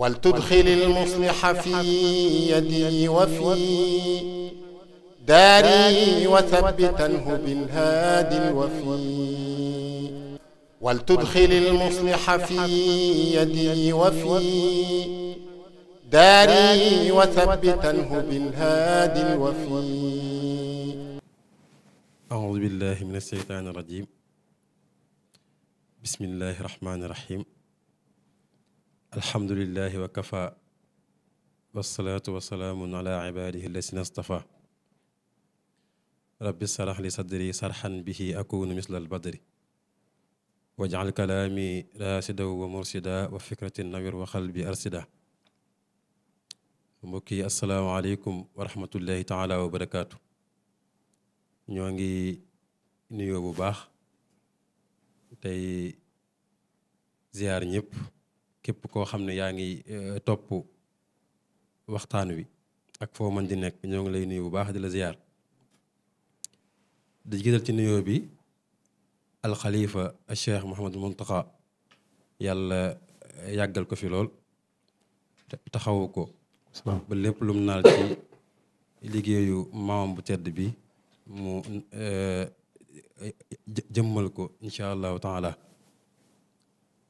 wal tudxilil musliha fi yadi wa fi daari wa sabbitanhu bil haadil wafi wal tudxilil musliha fi yadi wa fi daari wa sabbitanhu bil haadil wafi. Auudu billaahi mina shaytaani rajiim. Bismillaahi rahmaani rahiim. alhamdulilahi wa kafa wasalaatu wasalaamun ala ibaadihi allasina stafa rabbi sarax li sadri sarxan bihi akunu misla albadri wajcal kalaami raasida wa mursida wa fikrati nawir wa xalbi arsida mbokk yi asalaamaaleykum wa rahmatullahi taala wa barakaatu ñoo ngi nuyoo bu baax tey ziyaar ñëpp képp koo xam ne yaa ngi euh, topp waxtaan wi ak foo mën di nekk ñoo ngi lay nuyu bu baax di la ziyaar di jiital ci nuyoo bi alxalifa cheikh Mouhamadou Mountakha yàlla euh, yàggal ko fi lool taxawu ko ba lépp lum naal ci liggéeyu maamam bu tedd bi mu euh, jëmmal ko incha allahu taala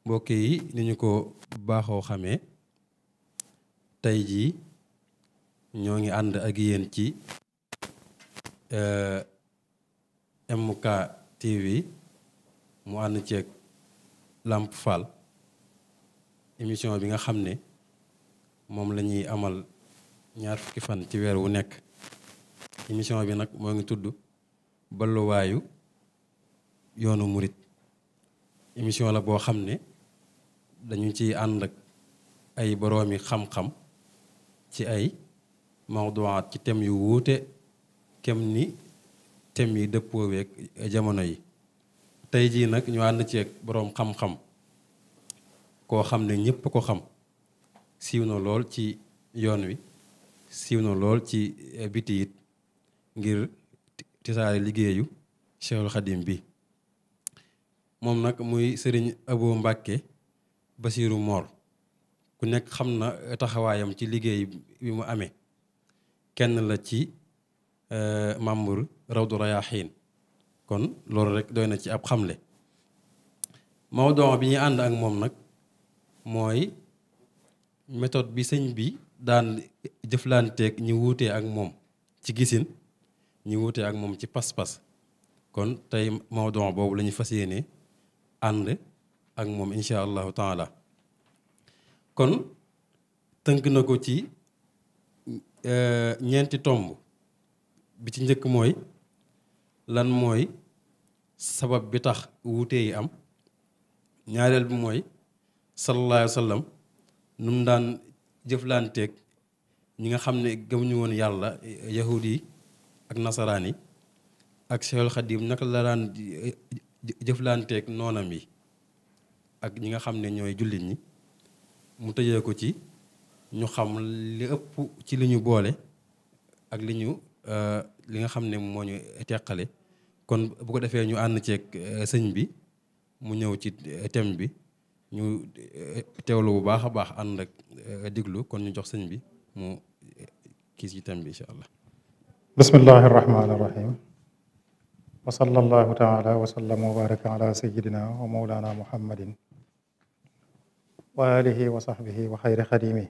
mbokk yi ni ñu ko baaxoo xamee tey jii ñoo ngi ànd ak yéen ci euh, MK TV mu ànd ceeg làmp Fall émission bi nga xam ne moom lañuy amal ñaar fukki fan ci weer wu nekk émission bi nag moo ngi tudd balluwaayu yoonu murit émission la boo xam ne dañu ci ànd ak ay boroomi xam-xam ci ay mawduwaat ci thème yu wuute kem ni tem yi dëppooweeg jamono yi tey jii nag ñu ànd ci ak boroom xam-xam koo xam ne ñépp ko xam siiw na lool ci yoon wi siiw na lool ci eh, biti it ngir tisaare liggéeyu Cheikhul Xadim bi moom nag muy sëriñ Abo Mbàkke Basiiru Moor ku nekk xam na eh, taxawaayam ci liggéey bi mu amee kenn la ci eh, membre Rawdu Rayaahiin kon loolu rek doy na ci ab xamle Maodo bi ñu ànd ak moom nag mooy méthode bi sëñ bi daan jëflanteeg ñu wuutee ak moom ci gisin ñu wuutee ak moom ci pas-pas kon tey Maodo boobu la ñu fas yéenee ànd ak moom incha allahu taala kon tënk na ko ci eh, ñeenti tomb bi ci njëkk mooy lan mooy sabab bi tax wuute yi am ñaareel bi mooy sallallahu alayhi nu mu daan jëflanteeg ñi nga xam ne gëmuñu woon yàlla yahudi yi ak nasaraan yi ak Seexul Xadiim naka la daan jëflanteeg noonam yi ak ñi nga xam ne ñooy jullit ñi mu tëjee ko ci ñu xam li ëpp ci li ñu boole ak li ñu euh, li nga xam ne moo ñu teqale kon bu ko defee ñu ànd ceeg euh, sëñ bi mu ñëw ci euh, thème bi ñu teewlu bu baax a baax ànd ak diglu kon ñu jox sëñ bi mu kii ci tem bi incha allah bismillahi arrahmani irrahim wa sallallahu taala wa sallama wa baraka ala sayidina wa maulana muhammadin wa alihi wa sahbihi wa xayri xadimi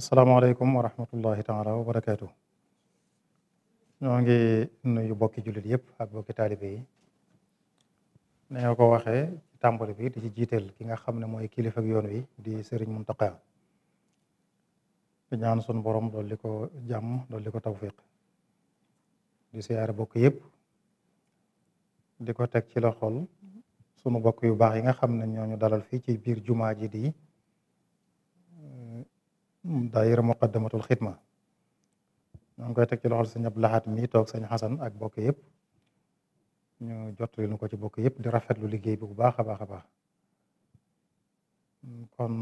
asalaamaaleykum wa rahmatullahi taala wa barakaatu ñoo ngi nuyu bokki jullit yëpp ak bokki taalibe yi na ko waxee ci tàmbali bi di ci jiiteel ki nga xam ne mooy kilifa ak yoon wi di sëriñ Muntaqa di ñaan son borom dolli ko jàmm dolli ko tawfiq di siyaare bokk yëpp di ko teg ci la xol sunu bokk yu baax yi nga xam ne ñooñu dalal fii ci biir jumaa ji di euh, daayira muqaddamatul xidma ñoo ngi koy teg ci loxol sëñ Abdou Lahad mi toog sañ Xasan ak bokk yépp ñu jottali nu ko ci bokk yëpp di rafetlu liggéey bi bu baax a baax a baax kon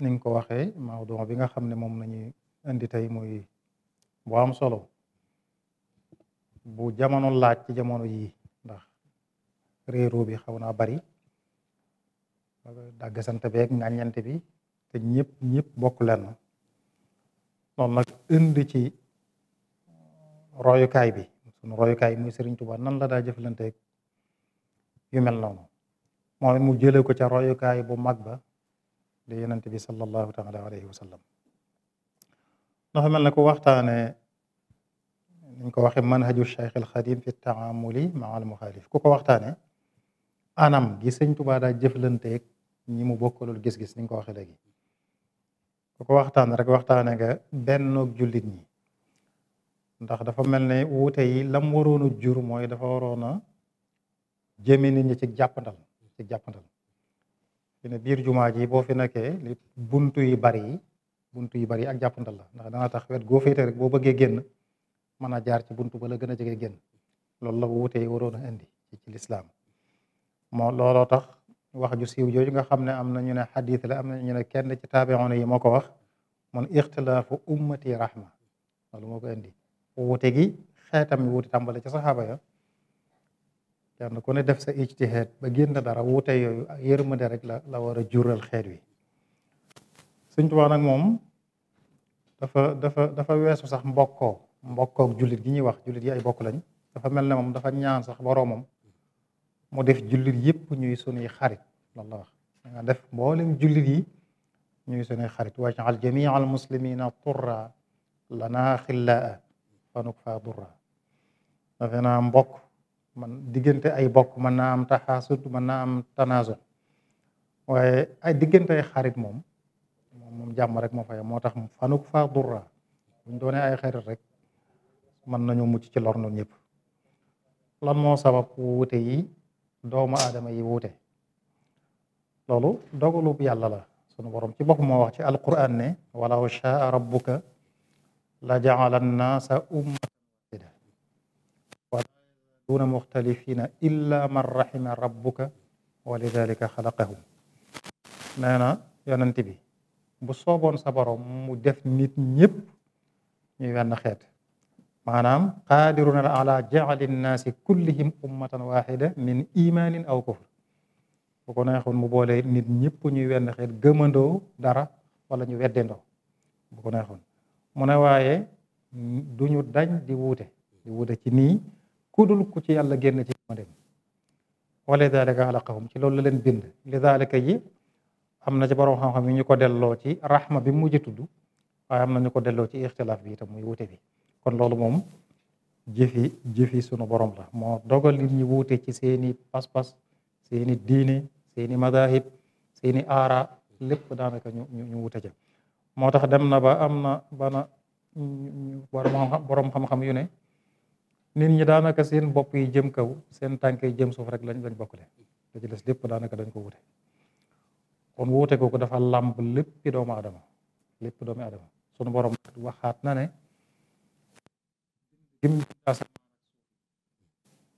ni nga ko waxee mawdu bi nga xam ne moom nañuy indi tey muy boo am solo bu jamono laaj ci jamono yii réeroo bi xaw naa bari dàgg sant beeg ngàññante bi te ñëpp ñëpp bokk lenn loolu nag indi ci royukaay bi sunu royukaay muy Sëriñ Tuubaa nan la daa jëflanteeg yu mel noonu moom mu jële ko ca royukaay bu mag ba de yonent bi sallallahu taala alayhi wa sallam dafa mel ne ku waxtaane niñ ko waxe man Cheikh al Xadim fi taamuli maa al ku ko waxtaane anam gi sëñ Tuubaa daa jëflanteeg ñi mu bokkalul gis-gis ni ko waxee léegi ku ko waxtaan rek waxtaane nga bennoog jullit ñi ndax dafa mel ne wuute yi lam waroon a jur mooy dafa waroon a jëme nit ñi ci jàppandal ci jàppandal fi ne biir jumaa ji boo fi nekkee li buntu yi bari yi buntu yu bari ak jàppandal la ndax dana tax wet goo féete boo bëggee génn mën a jaar ci bunt ba la gën a jege génn loolu la wuute yi waroon indi ci lislaam moo looloo tax wax ju siw jooju nga xam ne am na ñu ne xadis la am na ñu ne kenn ci taabi'un yi moo ko wax mun ixtilaafu ummati rahma loolu moo ko indi wute gi xeetam yi wuute tàmbale ca saxaaba ya kenn ku ne def sa ijtihaad ba na dara wuute yooyu yërmande rek la la war a jural xeet wi Sëñ Tuubaa nag moom dafa dafa dafa weesu sax mbokkoo mbokkoog jullit gi ñuy wax julit yi ay bokk lañ dafa mel ne moom dafa ñaan sax boroomam mu def jullit yëpp ñuy sunuy xarit loolu la wax danga def mboolem jullit yi ñuy sunuy xarit wajal jamia al muslimina turra lana xillaa fanuk fa durra dafe naa mbokk man diggante ay bokk mën naa am taxaasud mën am tanaasul waaye ay diggante xarit moom moom jàmm rek moo fay moo tax fanuk fa durra buñ doone ay xarit rek mën nañu mucc ci lor noonu lan moo sabab wuute yi doomu aadama yi wuute loolu dogalub yàlla la sunu borom ci bopp moo wax ci alquran ne walaw shaa rabbuka la jaala annaasa ummatan waxida wala yazaluuna muxtalifina illa man raxima rabbuka wa lidalika xalaqahum nee na yonent bi bu sooboon sa borom mu def nit ñépp ñuy wenn xeet maanaam qaadirun ala jaali nnaasi kullihim ummatan waxida min imaanin aw kufr bu ko neexoon mu boole nit ñëpp ñuy wenn xeet gëmandoo dara wala ñu weddendoo bu ko neexoon mu ne waaye du ñu dañ di wuute di wuute ci nii kudul ku ci yàlla génn ci ma dem ci loolu la leen bind lidalika yi am na ci borom xam-xam ñu ko delloo ci rahma bi mujj tudd waaye am na ñu ko delloo ci ixtilaaf bi itam muy wuute bi kon loolu moom jëfi jëfi sunu borom la moo dogal nit ñi wuute ci seeni pas-pas seeni diine seeni madahib seeni aara lépp daanaka ñu ñu wute ca moo tax dem na ba am na bana borom xam-xam yu ne nit ñi daanaka seen bopp yi jëm kaw seen tànk jëm suuf rek lañ lañ bokkule da ci des lépp daanaka dañ ko wute kon wuute ko dafa làmb léppi doomu adama lépp doomu adama sunu borom waxaat na ne lim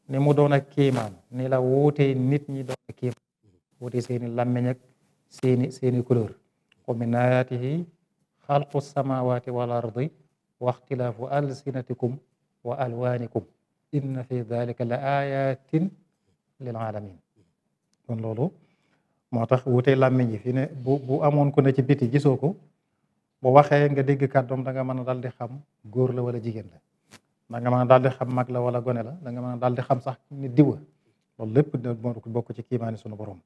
ni mu doon ak kéemaan ni la wuutee nit ñi doon ak kéemaan wuutee seeni làmmeñ ak seeni couleur wa min ayaatihi xalqu samawati wal ardi wa ixtilaafu alsinatikum wa alwaanikum inna fi dalika la ayatin lil alamin moo tax wuutee làmmeñ yi fi ne bu amoon ko ne ci biti gisoo ko bu waxee nga dégg kàddoom da nga mën a dal di xam góor la wala jigéen la da nga mën a daal di xam mag la wala gone la da nga mën a daal di xam sax ni diwa loolu lépp dina bokk ci kiimaani sunu borom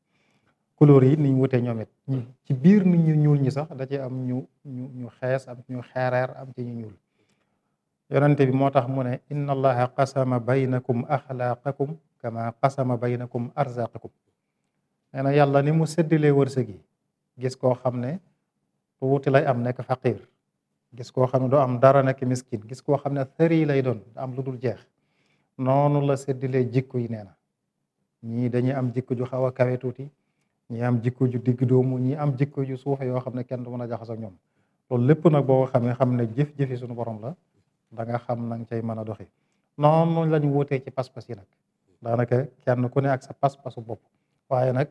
couleur yi niñ wutee ñoom it hmm. ci biir nit ñu ñuul ñi sax da ci am ñu ñu ñu xees am ñu xeereer am ci ñu ñuul yonente bi moo tax mu ne inna allaha qasama baynakum axlaaqakum kama qasama baynakum arzaqakum nee na yàlla ni mu séddalee wërsëg yi gis koo xam ne tuuti lay am nekk faqir gis koo xam ne doo am dara nekk miskin gis koo xam ne sëri lay doon am lu dul jeex noonu la séddilee jikko yi nee na ñii dañuy am jikko ju xaw a kawe tuuti ñii am jikko ju digg doomu ñii am jikko ju suufe yoo xam ne kenn du mën a jaxasoo ak ñoom loolu lépp nag boo xam ne jëf-jëfi sunu borom la da nga xam na cey cay mën a doxi noonu lañ wutee ci pas yi nag daanaka kenn ku ne ak sa pas-pasu bopp waaye nag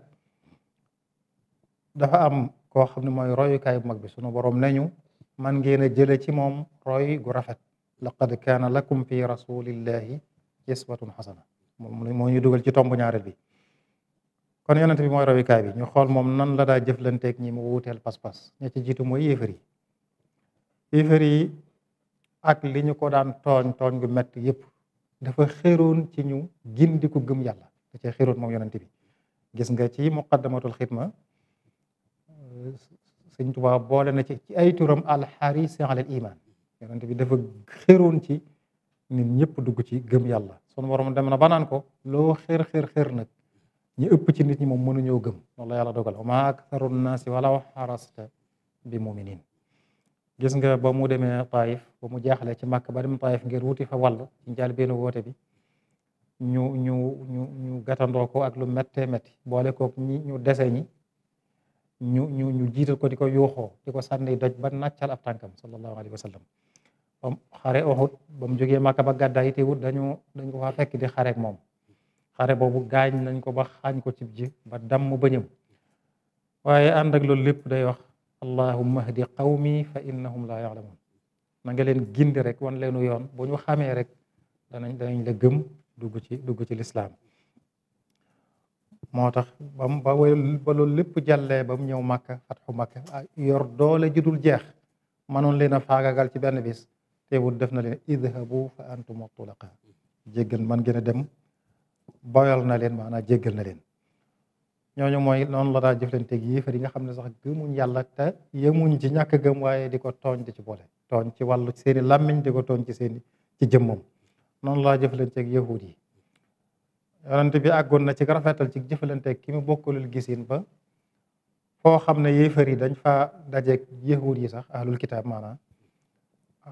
dafa am koo xam ne mooy royukaay bu mag bi sunu borom ne ñu man ngeen a jële ci moom roy gu rafet laqad kaana lakum fi rasulillahi iswatun xasana moom moo ñu dugal ci tomb ñaareel bi kon yonent bi mooy royukaay bi ñu xool moom nan la daa jëflanteeg ñi mu wuuteel pas-pas ña ci jiitu mooy yéefar yi yéefar yi ak li ñu ko daan tooñ tooñ gu mett yëpp dafa xéroon ci ñu gindi ko gëm yàlla da cee xéroon moom yonent bi gis nga ci muqaddamatul xidma sëñ Tuubaa boole na ci ci ay turam alxarisi alal iman yonent bi dafa xëroon ci nit ñëpp dugg ci gëm yàlla sunu borom dem na ba naan ko loo xër xër xër nag ñu ëpp ci nit ñi moom mënuñoo gëm loolu yàlla dogal wa maa aktaru naasi walaw xarasta bi muminin gis nga ba mu demee Taif ba mu jaaxle ci màkk ba dem Taif ngir wuti fa wàll ci njaal benn woote bi ñu ñu ñu ñu ko ak lu méttee métti boole koog ñi ñu dese ñi ñu ñu ñu jiital ko di ko yuuxoo di ko sànni doj ba nàccal ab tànkam sallallahu alayhi wa sallam bam xare Uhud ba mu jógee Màkka ba gàddaay teewut dañu dañ ko faa fekk di xareek moom xare boobu gaañ nañ ko ba xaañ ko cib ji ba damm bëñëm waaye ànd ak loolu lépp day wax allahumma hdi qawmi fa innahum la ya'lamun na nga leen gindi rek wan leenu yoon bu ñu xamee rek danañ danañ la gëm dugg ci dugg ci lislaam moo tax ba mu ba ba lépp jallee ba mu ñëw Makka fatxu Makka ah, yor doole ji jeex mënoon leen a faagagal ci benn bis teewul def na leen idhabu fa antum tulaqa jéggal man gën a dem boyal na leen maanaam jéggal na leen ñooñu mooy noonu la daa jëflanteeg yéefar yi nga xam ne sax gëmuñ yàlla te yemuñ ci ñàkk gëm waaye di ko tooñ di ci boole tooñ ci wàllu seeni làmmiñ di ko tooñ ci seeni ci jëmmam noonu laa jëflanteeg yahuud yi yonent bi àggoon na ci rafetal ci jëfalante ki mu bokkalul gisin ba foo xam ne yéefar yi dañ fa dajeeg yahud yi sax ahlul kitaab maanaam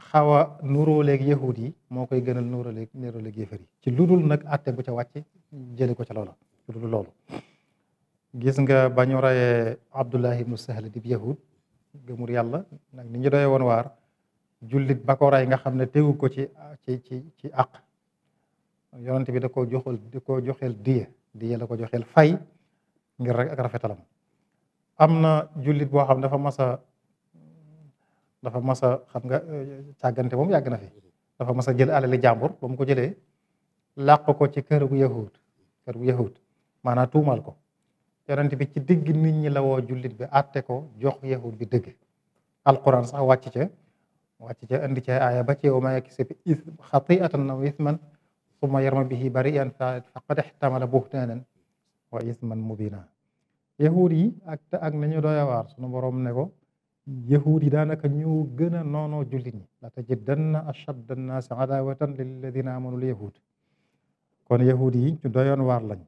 xaw a nuróoleeg yahud yi moo koy gënal nuróoleeg nuróoleeg yéefar yi ci ludul nag àtte bu ca wàcc jëli ko ca loola ludul loolu gis nga ba ñu rayee abdullahi ibnu sahl dib yahud gëmur yàlla nag ni ñu doye woon waar jullit ba ko nga xam ne tegu ko ci ci ci ci àq yonent bi da koo joxal da koo joxeel diye diye la ko joxeel fay ngir rek ak rafetalam am na jullit boo xam dafa masa dafa masa xam nga càggante moom yàgg na fi dafa masa jël alali jàmbur ba mu ko jëlee làq ko ci kër gu yahud kër gu tuumal ko yonent bi ci digg nit ñi la woo jullit bi àtte ko jox yahud bi dëgg alquran sax wàcc ca wàcc ca indi ca aaya ba ci yow ma yakisib xatiatan aw isman summa yarma bihi bari'an faqad ihtamala buhtaanan wa isman mubina yahuud yi ak ak nañu doy waar sunu borom ne ko yahuud yi daanaka ñu gën a noonoo jullit ñi la tajidanna ashadda annaasi adawatan lilladina amanu lyahud kon yahuud yi ñu doyoon waar lañ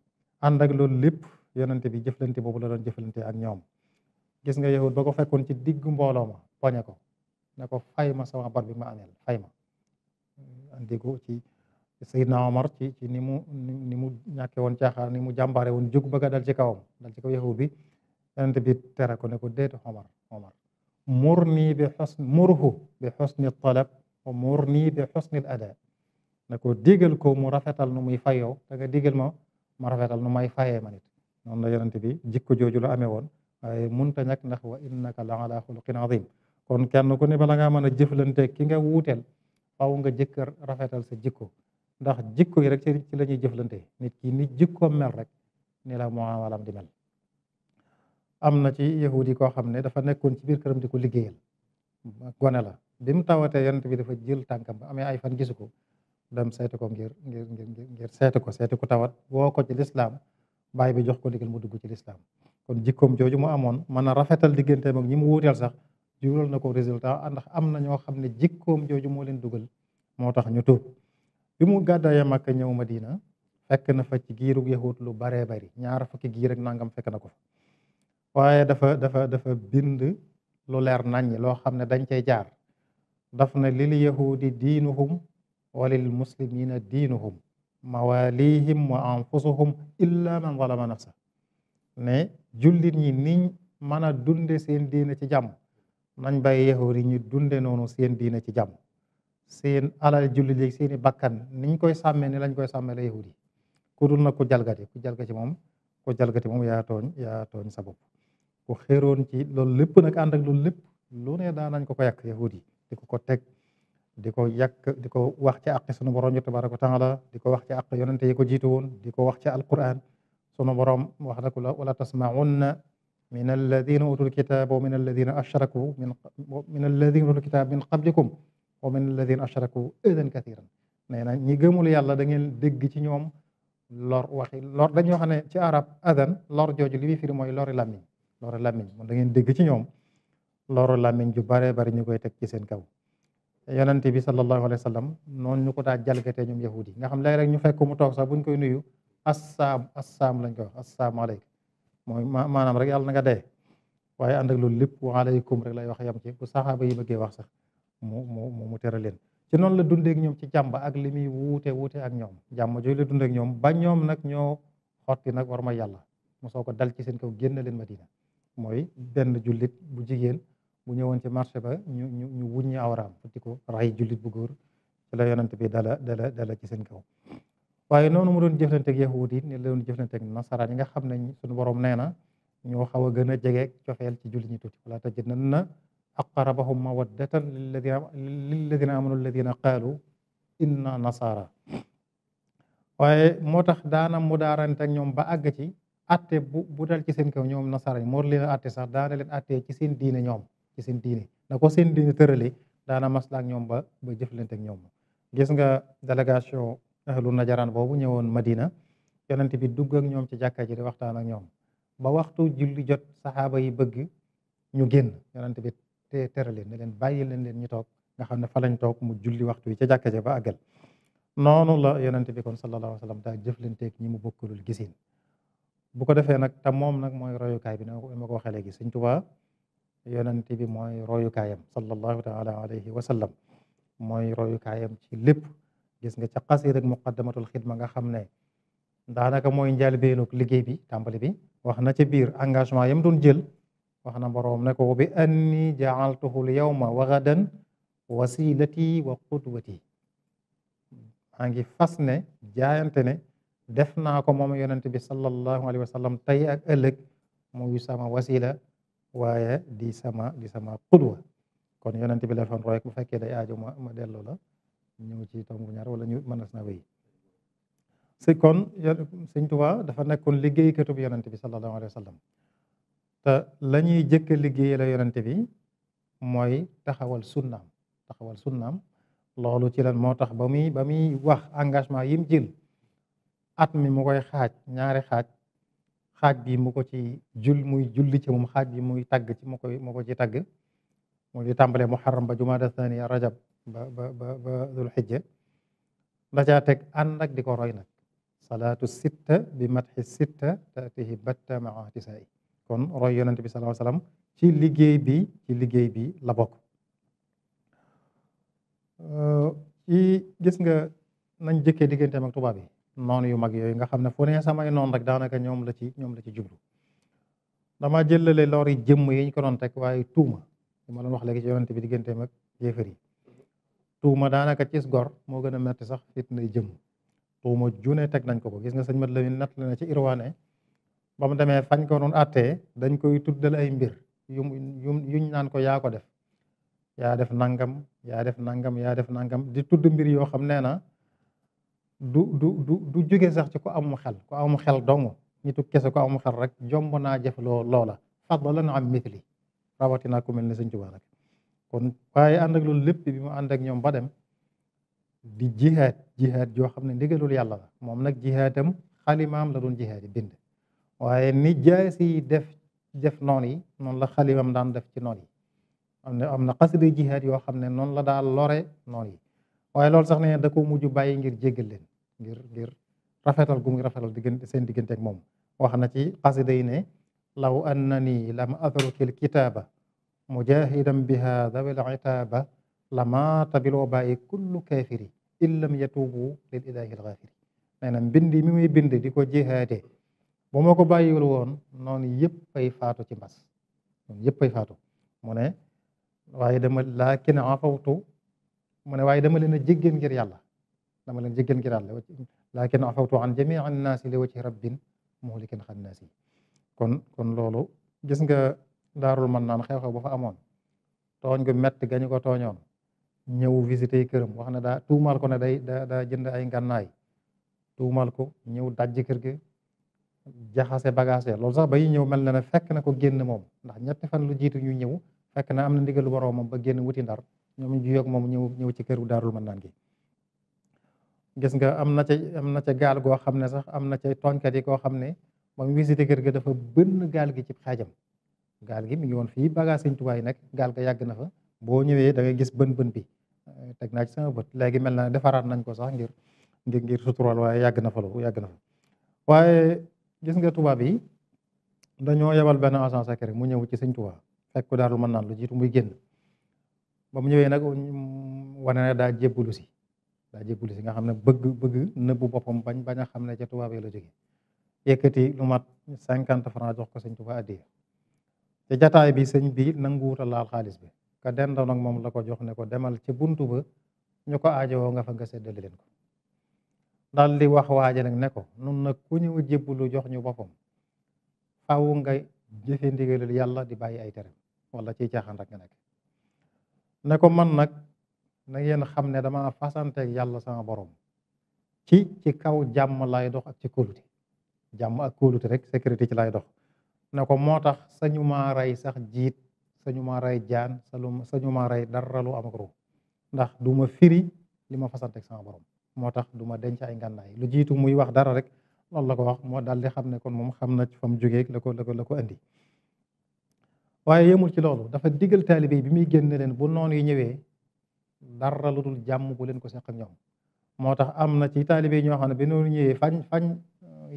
ànd ak loolu lépp yonente bi jëflante boobu la doon jëflante ak ñoom gis nga yahud ba ko fekkoon ci diggu mbooloo ma poñe ko ne ko ma sama bor bi ma ameel ci Seydina Omar ci ci ni mu ni mu ñàkke woon caaxaar ni mu jàmbaare woon jóg bëgg a dal ci kawam dal ci kaw yahud bi yonent bi tere ko ne ko déet Omar Omar mur nii bi xosn murhu bi xosni talab wa mur nii bi xosni ada ne ko digal ko mu rafetal nu muy fayoo da nga digal ma ma rafetal nu may fayee ma nit noonu la yonent bi jikko jooju la amee woon waaye ta ñàkk ndax wa innaka la ala xuluqin azim kon kenn ko ne bala ngaa mën a jëflante ki nga wuuteel faw nga jëkk rafetal sa jikko ndax jikko yi rek ci lañuy ñuy jëflante nit ki nit jikkoom mel rek ni la muamalam di mel am na ci yahudi koo xam ne dafa nekkoon ci biir këram di ko liggéeyal gone la bi mu tawatee bi dafa jël tànkam ba amee ay fan gisu ko dem seeti ko ngir ngir ngir ngir seeti ko seeti ko tawat woo ko ci lislaam baay bi jox ko ndigal mu dugg ci lislaam kon jikkoom jooju mu amoon mën a rafetal digganteem ak ñi mu wuuteel sax jural na ko résultat ndax am na ñoo xam ne jikkoom jooju moo leen dugal moo tax ñu tuub bi mu gàddaayee Màkka ñëw Madina fekk na fa ci giirug yahut lu baree bari ñaar fukki giir ak nangam fekk na ko fa waaye dafa dafa dafa bind lu leer naññ loo xam ne dañ cay jaar daf na lil yahudi diinuhum walil muslimina diinuhum mawalihim wa anfusuhum illa ma zalama sax ne jullit ñi niñ mën a dunde seen diine ci jàmm nañ bàyyi yahudi ñi dunde noonu seen diina ci jàmm seen alal julli léegi seen i bakkan niñ koy sàmmee ni lañ koy sàmmee la yahudi ku dul na ku jalgati ku jalgati moom ku jalgati moom yaa tooñ yaa tooñ sa bopp ku xéeroon ci loolu lépp nag ànd ak loolu lépp lu ne nañ ko ko yàq yahudi yi di ko ko teg di ko yàq di ko wax ci àq sunu borom yi tabaraka taala di ko wax ci àq yonente ko jiitu woon di ko wax ci alquran sunu borom wax na ko la wala tasmaunna min alladina utul kitaba wa min alladina ashraku min min alladina utul min qablikum wa min alladina ashraku adan kathiran nee na ñi gëmul yàlla dangeen ngeen dégg ci ñoom lor waxi lor dañoo wax ne ci arab adan lor jooju li muy firi mooy lori làmmiñ lori làmmiñ moom da ngeen dégg ci ñoom loru làmmiñ ju bare bari ñu koy teg ci seen kaw yonent bi sallallahu alayhi wa sallam noonu ñu ko daa jalgatee ñoom yahudi nga xam léeg-léeg ñu fekk mu toog sax buñ koy nuyu assaam assaam lañ koy wax assaam aleyk mooy maanaam rek yàlla na nga dee waaye ànd ak loolu lépp waaleykum rek lay wax yam ci bu saxaaba yi bëggee wax sax mu mu mu mu tëral leen ci noonu la dundeek ñoom ci jàmm ak li muy wuute wuute ak ñoom jàmm jooyu la dundeek ñoom ba ñoom nag ñoo xotti nag war ma yàlla mu soo ko dal ci seen kaw génn leen ma madina mooy benn jullit bu jigéen bu ñëwoon ci marché ba ñu ñu ñu wuññi awraam futti ko ray jullit bu góor ci la yonent bi dala dala dala ci seen kaw waaye noonu mu doon jëflanteeg yahuud yi ni la doon jëflanteeg nasaraan yi nga xam ne suñu borom nee na ñoo xaw a gën a jege cofeel ci jullit ñi tuuti wala tajid na aqrabahum mawaddatan lilladina amanu alladina qaalu inna nasaara waaye moo tax daana mu daarante ak ñoom ba àgg ci atte bu bu dal ci seen kaw ñoom nasaara moo leen atte sax daana leen atte ci seen diine ñoom ci seen diine na ko seen diine tërale daana masla ñoom ba ba jëflante ak ñoom gis nga délégation ahlu najaraan boobu ñëwoon Madina yonent bi dugg ak ñoom ci jàkka ji waxtaan ak ñoom ba waxtu julli jot saxaaba yi bëgg ñu génn yonent bi te tere leen ne leen bàyyi leen leen ñu toog nga xam ne fa lañ toog mu julli waxtu wi ca jàkka ja ba àggal noonu la yonente bi kon sallallahu alayhi wa sallam daa jëflanteeg ñi mu bokkalul gisin bu ko defee nag te moom nag mooy royukaay bi na ma ko waxee léegi sëñ Tuubaa yonente bi mooy royukaayam sallallahu taala alayhi wa sallam mooy royukaayam ci lépp gis nga ca xas yi rek muqaddamatul xidma nga xam ne ndaanaka mooy njaalbeenuk liggéey bi tàmbali bi wax na ca biir engagement yam doon jël wax na boroom ne ko bi anni jaaltuhu l yawma wa gadan ngi fas ne jaayante ne def naa ko moom yonent bi sallallahu alayhi wa sallam tey ak ëllëg muy sama wasila waaye di sama di sama qudwa kon yonent bi la fan roy bu fekkee day aajo ma ma delloo la ñëw ci tomb ñaar wala ñu mënas na wéy si kon Sëñ Tuubaa dafa nekkoon liggéeykatub yonent bi sallallahu alayhi wa te la ñuy jëkk a liggéey la yonente bi mooy taxawal sunnaam taxawal sunnaam loolu ci lan moo tax ba muy ba muy wax engagement yim jël at mi mu koy xaaj ñaari xaaj xaaj bi mu ko ci jul muy julli ci moom xaaj bi muy tagg ci mu koy mu ko ci tagg mu di tàmbalee muharram ba jumaada thaniya rajab ba ba ba ba xijja da caa teg ànd di ko roy nag salaatu sitta bi matxi sitta tatihi batta maa tisaa kon roy yonent bi sallallahu alayhi wasallam ci liggéey bi ci liggéey bi la bokk ci gis nga nañ jëkke digganteem ak tubaab yi noonu yu mag yooyu nga xam ne fu ne samay noon rek daanaka ñoom la ci ñoom la ci jublu dama jëlale lor yi jëmm yi ñu ko doon teg waaye tuuma li ma loon wax léegi ci yonent bi digganteem ak yéefar yi tuuma daanaka cis gor moo gën a metti sax fitnay jëmm tuuma junee teg nañ ko ko gis nga sañ mat la nat la na ci irwaane ba mu demee fañ ko doon àttee dañ koy tuddal ay mbir yu yuñ naan ko yaa ko def yaa def nangam yaa def nangam yaa def nangam di tudd mbir yoo xam nee na du du du du jóge sax ci ko amu xel ko amu xel dong nitu kese ko amu xel rek jomb naa jëf loo loola fadlan am mithli rawatina ku mel ne Sëñ Tuubaa nag kon waaye ànd ak loolu lépp bi mu ànd ñoom ba dem di jihaad jihaad yoo xam ne ndigalul yàlla la moom nag jihaadam xalimaam la doon jihaadi bind waaye ni jaay si def def noon yi noonu la xalimam daan def ci noon yi am na am na xasida jihaad yoo xam ne noonu la daal lore noon waaye loolu sax ne da ko mujj bàyyi ngir jéggal ngir ngir rafetal gu ngi rafetal diggante seen diggante moom wax na ci xasida yi ne law annani lam atruki alkitaaba mujahidan biha dawil itaaba lamaata bil wabaa'i kullu kaafiri in lam yatuubu lil ilaahi alxaafiri nee na mi muy bind di ko jihaade bu ma ko bàyyiwul woon noonu yëpp ay faatu ci mbas noonu yëpp ay faatu mu ne waaye dama laakin afawtu mu ne waaye dama leen a jéggeen ngir yàlla dama leen jéggeen ngir yàlla laakin afawtu an jamii annaasi li wajhi rabbin muhlikin xannaasi kon kon loolu gis nga daarul man naan xew-xew ba fa amoon tooñ gu mett gañu ko tooñoon ñëw visité këram wax na daa tuumaal ko ne day da jënd ay gannaay tuumaal ko ñëw dajji kër gi jaxase bagage loolu sax ba yi ñëw mel na ne fekk na ko génn moom ndax ñetti fan lu jiitu ñu ñëw fekk na am na ndigalu moom ba génn wuti ndar ñoom ñu juyoo moom ñëw ñëw ci këru daarul mën naan gi nga am na ca am na ca gaal goo xam ne sax am na ca tooñkat koo xam ne moom visité kër ga dafa bënn gaal gi ci xaajam gaal gi mi ngi woon fii bagage Sëñ Tuubaa nag gaal ga yàgg na fa boo ñëwee da gis bën bën bi eh, teg naa ci sama bët léegi mel na defaraat nañ ko sax ngir ngir ngir waaye yàgg na fa lu yàgg na fa waaye gis nga tubaab yi dañoo yebal benn agent secret mu ñëw ci sëñ Tuubaa fekk ko daal lu mën naan lu jiitu muy génn ba mu ñëwee nag mm, wane ne daal jébbalu si daa jébbalu si nga xam ne bëgg bëgg nëbbu boppam bañ bañ a xam ne ca tubaab yi la jógee yëkkati lu mat cinquante franc jox ko sëñ Tuubaa addiya te jataay bi sëñ bi nanguwuta laal xaalis bi ka dendoon ak moom la ko jox ne ko demal ca buntu ba ñu ko aajowoo nga fa nga séddale leen ko dal di wax waaja nag ne ko nun nag ku ñëw jébbalu jox ñu boppam faaw nga jëfe ndigalul di bàyyi ay tere wala ciy caaxaan rek nga nekk ne ko man nag na ngeen xam ne dama fasanteeg yàlla sama borom ci ci kaw jàmm laay dox ak ci kóolute jàmm ak kóolute rek sécurité ci lay dox ne ko moo tax sañu maa rey sax jiit sañu maa rey jaan sañu maa rey dara lu am ndax duma ma firi li ma fasanteeg sama borom moo tax duma ma denc ay ngànnaay lu jiitu muy wax dara rek loolu la ko wax moo daal di xam ne kon moom xam na fa mu jógee la ko la ko ko andi waaye yemul ci loolu dafa digal taalibe bi muy génn leen bu noonu yi ñëwee dara lu dul jàmm leen ko seq ak ñoom moo tax am na ci taalibe ñoo xam ne ba noonu ñëwee fañ fañ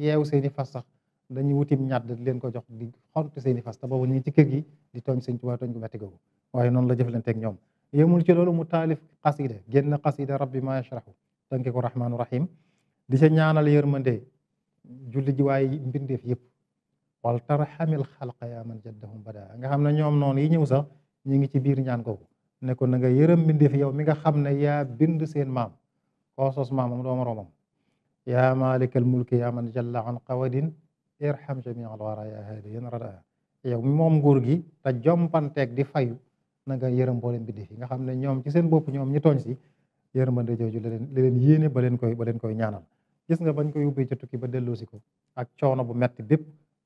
yeewu seeni fas sax dañuy wutim ñaat di leen ko jox di xontu seeni fas te boobu ñu ci kër gi di tooñ sëñ Tuubaa tooñ ko metti googu waaye noonu la jëflanteeg ñoom yemul ci loolu mu taalif xasida génn xasida rabbi ma yashrahu tënke ko rahmaanu rahim di ca ñaanal yërmande julli ji waaye mbindeef yëpp wal tarhamil xalqa yaa man jaddahum bada nga xam ne ñoom noonu yi ñëw sax ñu ngi ci biir ñaan googu ne ko na nga yërëm mbindeef yow mi nga xam ne yaa bind seen maam koo sos maamam doo moroomam yaa malikal mulki yaa man jalla an qawadin irham jamia yaa haadiyan radaa mi moom nguur gi te jompanteeg di fayu na nga yërëm mboolem mbindeef yi nga xam ne ñoom ci seen bopp ñoom ñi tooñ si yërmande jooju la leen li leen yéene ba leen koy ba leen koy ñaanal gis nga bañ ko yóbbee ca tukki ba delloosi ko ak coono bu metti bépp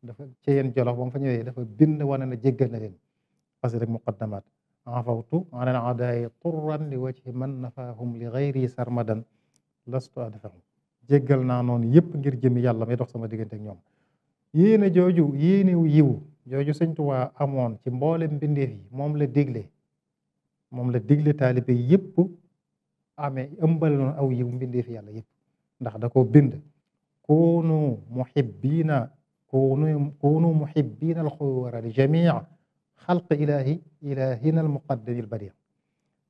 dafa ci jolox jolof fa ñëwee dafa bind wane na jéggal na leen parce que rek muqaddamat afawtu an al adaayi turran li wajhi man nafaahum li gayri sarmadan lastu adfahu jéggal naa noon yëpp ngir jëmi yàlla may dox sama diggante ak ñoom yéene jooju yéenew yiw jooju sëñ wa amoon ci mboole mbindeef moom la digle moom la digle taalibe yëpp amee ëmbal noonu aw yiw mbindeefi yàlla yëpp ndax ko bind kunu muhibbina kunu kunu muhibbina alxuwara li jamii xalq ilahi ilahina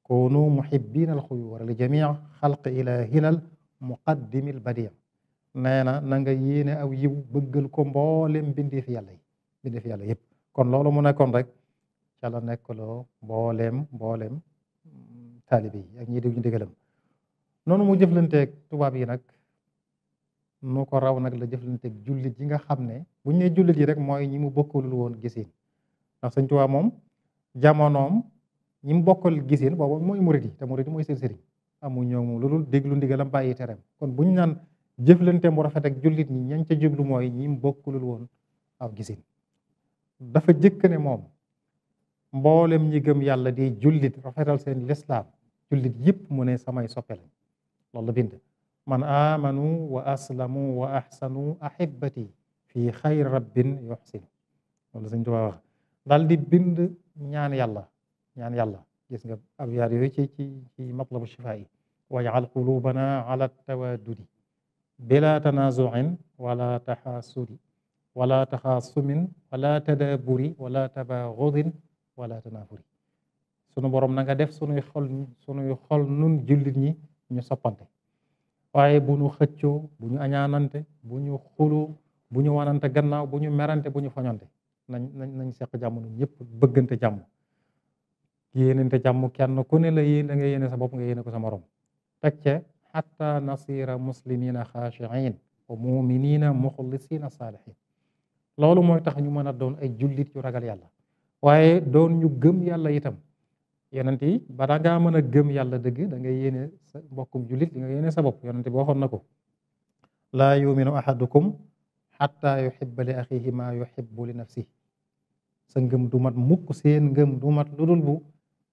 kunu muhibbina alxuwara li jamii xalq ilahina almuqaddimi albadi nee na na nga yéene aw yiw bëggal ko mboolem mbindeefi yàlla yi mbindeefi yàlla yëpp kon loolu mu nekkoon rek taalibe yi ak ñi dégg ñu déggalam noonu mu jëflanteeg tubaab yi nag nu ko raw nag la jëflanteeg jullit yi nga xam ne buñ ne nee jullit yi rek mooy ñi mu bokkalul woon gisin ndax sëñ Tuubaa moom jamonoom ñi mu bokkal gisin boobu mooy murid te murid mooy seen sëriñ amu ñoo moom loolu déglu ndigalam bàyyi tereem kon bu ñu naan jëflante mu rafet ak jullit ñi ñañ ca jublu mooy ñi mu bokkalul woon aw gisin dafa jëkk ne moom mboolem ñi yàlla di jullit rafetal seen lislaam jullit yëpp mu ne samay soppe lañ loolu la bind man amanu wa aslamu wa ahsanu ahibati fi xayr rabbin yuxsinu loolu Sëñ Tuubaa wax daal di bind ñaan yàlla ñaan yàlla gis nga abyaar yooyu ci ci ci matlabu shifaa yi wajal qulubana ala tawaddudi bila tanazuin wala taxaasudi wala taxaasumin wala tadaaburi wala tabaagudin wala tanaafuri sunu borom na nga def sunuy xol sunuy xol nun julit ñi ñu soppante waaye bu ñu xëccoo bu ñu añaanante bu ñu xuloo bu ñu wanante gannaaw bu ñu merante bu ñu foñante nañ nañ nañ seq jàmm nun ñëpp bëggante jàmm yéenante jàmm kenn ku ne la yéen nga yéene sa bopp nga yéene ko sa morom teg ca xata nasira muslimina xaashiin wa muminina muxlisina saalihin loolu mooy tax ñu mën a doon ay jullit yu ragal yàlla waaye doon ñu gëm yàlla itam yonent yi balaa ngaa mën a gëm yàlla dëgg da ngay yéene sa mbokkum jullit di nga yéene sa bopp yonent bi waxoon na ko laa yuminu ahadukum xatta yuhibba li axihi ma yuhibbu li nafsi sa ngëm du mat mukk seen ngëm du mat lu dul bu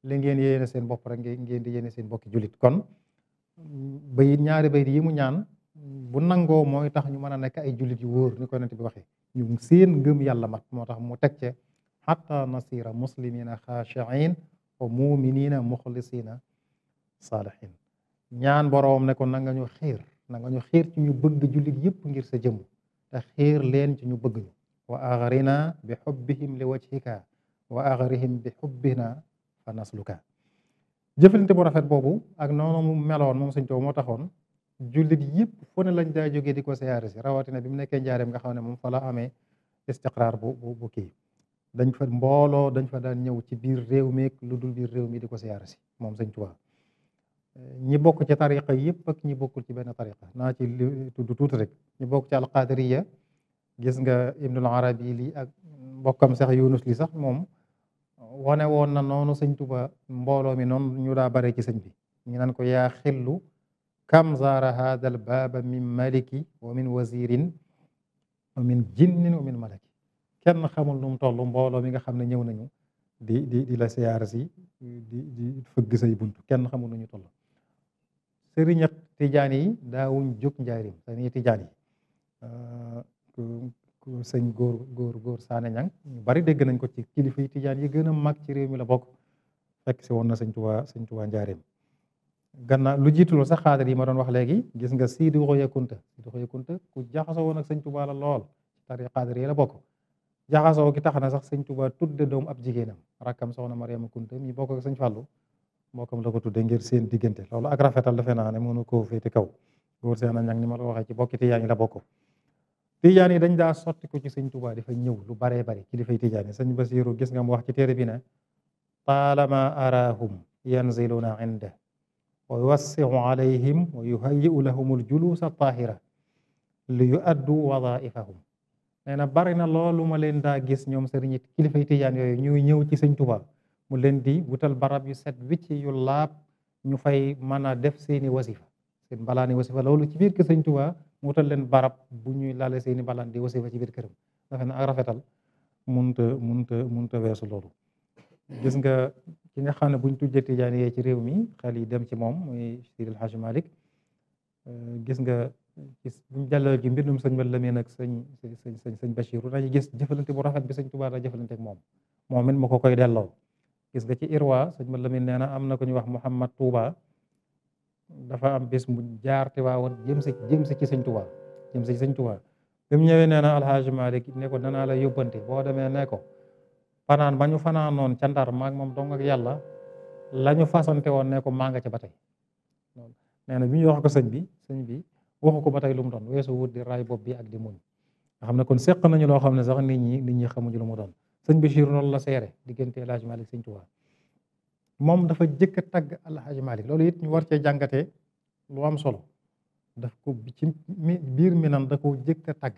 li ngeen yéene seen bopp rek ngeen di yéene seen bokki jullit kon bayit ñaari bayit yi mu ñaan bu nangoo mooy tax ñu mën a nekk ay jullit yu wóor ni ko yonent bi waxee ñu seen ngëm yàlla mat moo tax mu teg ce xatta nasira muslimina xaashiin wa muminina muxlisina saalihin ñaan boroom ne ko na nga ñu xiir na nga ñu xiir ci ñu bëgg jullit yëpp ngir sa jëmm te xiir leen ci ñu bëgg ñu wa axrina bi xubbihim li wajhika wa axrihim bi xubbina fa nasluka jëfalante bu rafet boobu ak noonu mu meloon moom sëñ Tuubaa moo taxoon jullit yëpp fu ne lañ daa jógee di ko siyaare si rawatina bi mu nekkee njaareem nga xam ne moom fa la amee istiqraar bu bu ki dañ fa mbooloo dañ fa daan ñëw ci biir réew mi lu dul biir réew mi di ko siyaare si moom sëñ Tuubaa ñi bokk ci tariqa yëpp ak ñi bokkul ci benn tariqa naa ci tudd tuuti rek ñi bokk ci alqadiriya gis nga ibnul arabi li ak mbokkam sax yunus li sax moom wane woon na noonu sëñ tuba mbooloo mi noonu ñu daa bare ci sëñ bi ñu naan ko yaa xillu kam zaara hada al baaba min maliki wa min wazirin wa min jinnin wa min malak kenn xamul nu mu toll mbooloo mi nga xam ne ñëw nañu di di di la siyaar si di di fëgg say bunt kenn xamul nu ñu toll sëriñ ak tijaan yi daawuñ jóg njaarim sëriñ tijaan yi ah, sëñ góor góor góor saane ñang ñu bari dégg nañ ko ci kilifa yi tijaan yi gën a mag ci réew mi la bokk fekk si woon na sëñ Tuubaa sëñ Tuubaa lu jiitul sax xaadir yi ma doon wax gis nga Sidi Roya Kunta Sidi Roya Kunta ku jaxasoo woon ak sëñ Tuubaa lool tari xaadir yi la bokk jaxasoo gi tax na sax sëñ Tuubaa tudde doom ab jigéenam rakkam soxna Mariama Kunta mi bokk ak sëñ Fàllu mbokkam la ko tudde ngir seen diggante loolu ak rafetal defe naa ne mënu koo féete kaw góor seen ñag ni ma la waxee ci bokki tijaan yi la bokk tijaan yi dañ daa sotti ko ci sëñ Tuubaa dafa ñëw lu baree bari kilifay tijaan yi sëñ Basiiru gis nga mu wax ci téere bi ne taalama arahum yanziluna inda wa yuwassiu alayhim wa yuhayiu lahum aljulusa tahira li yuaddu wadaifahum nee na bari na loolu ma leen daa gis ñoom sëriñ kilifay tijaan yooyu ñuy ñëw ci sëñ Tuubaa mu leen di wutal barab yu set wicc yu laab ñu fay mën a def seeni wasifa seen balaani wasifa loolu ci biir kër sëñ Tuubaa mu wutal leen barab bu ñuy laale seeni balaan di wasifa ci biir këram dafe na ak rafetal munta munta munta weesu loolu gis nga ki nga xam buñ tujjee tijaan yee ci réew mi xel yi dem ci moom muy Seydi El Hadji Malick gis nga ci buñ jàllale gi mbindum sëñ Mbaye Lamine ak sëñ sëñ sëñ Bachirou dañuy gis jëfalante bu rafet bi sëñ Touba daa jëfalante moom moom it ma ko koy delloo gis nga ci Irwa sëñ Mbaye Lamine nee na am na ku ñuy wax Mouhamad Touba dafa am bis mu jaar Tiwaawan jëm si jëm si ci sëñ Touba jëm si ci sëñ Touba bi mu ñëwee nee na Alhaji Malick ne ko danaa la yóbbante boo demee ne ko fanaan ba ñu fanaanoon ca Ndar moom dong ak yàlla la ñu fasante woon ne ko maa nga ca ba tey nee na bi ñu wax ko sëñ bi sëñ bi waxu ko ba tey lu mu doon weesu wut di raay bopp ak di muñ xam ne kon seq nañu loo xam ne sax nit ñi nit ñi xamuñu lu mu doon sëñ Bachir noonu la seere diggante laaj Hadj Malick sëñ Touba moom dafa jëkk a tagg El Hadj Malick loolu it ñu war cee jàngatee lu am solo daf ko ci biir mi nan da ko jëkk a tagg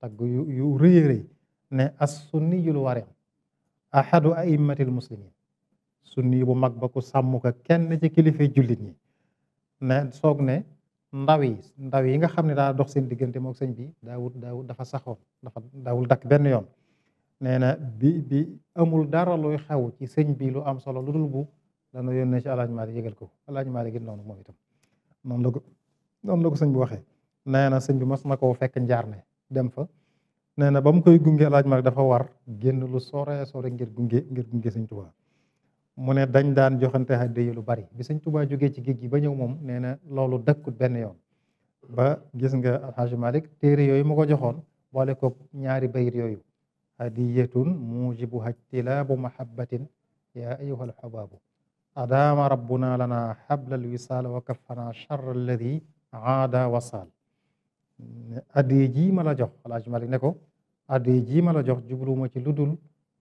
tagg yu yu rëy rëy ne as sunniyul wari ahadu aimmatil muslimin sunni bu mag ba ko sàmm kenn ci kilifa jullit ñi ne soog ne ndaw yi ndaw yi nga xam ne daa dox seen diggante mook sëñ bi daawul daawul dafa saxoon dafa daawul dakk benn yoon nee na bi bi amul dara looy xew ci sëñ bi lu am solo lu dul bu dana yónnee ci alaaj maalik yëgal ko alaaj maalik gi noonu moom itam noonu la ko noonu la ko sëñ bi waxee nee na sëñ bi mas na koo fekk njaar ne dem fa nee na ba mu koy gunge alaaj maalik dafa war génn lu sore sore ngir gunge ngir gunge sëñ Tuubaa mu ne dañ daan joxante hadiya lu bari bi sëñ Tuubaa jógee ci géej gi ba ñëw moom nee na loolu dëkkut benn yoon ba gis nga alxaaji Malik téere yooyu mu ko joxoon boole ko ñaari bayit yooyu hadiyatun mujibu hajtilaabu mahabbatin ya ayuha alxabaabu adaama rabbuna lana xabla alwisaal wa kafana charr alladi aada wasaal hadiya ji ma jox alxaaji Malik ne ko hadiya ji ma la jox jubluuma ci ludul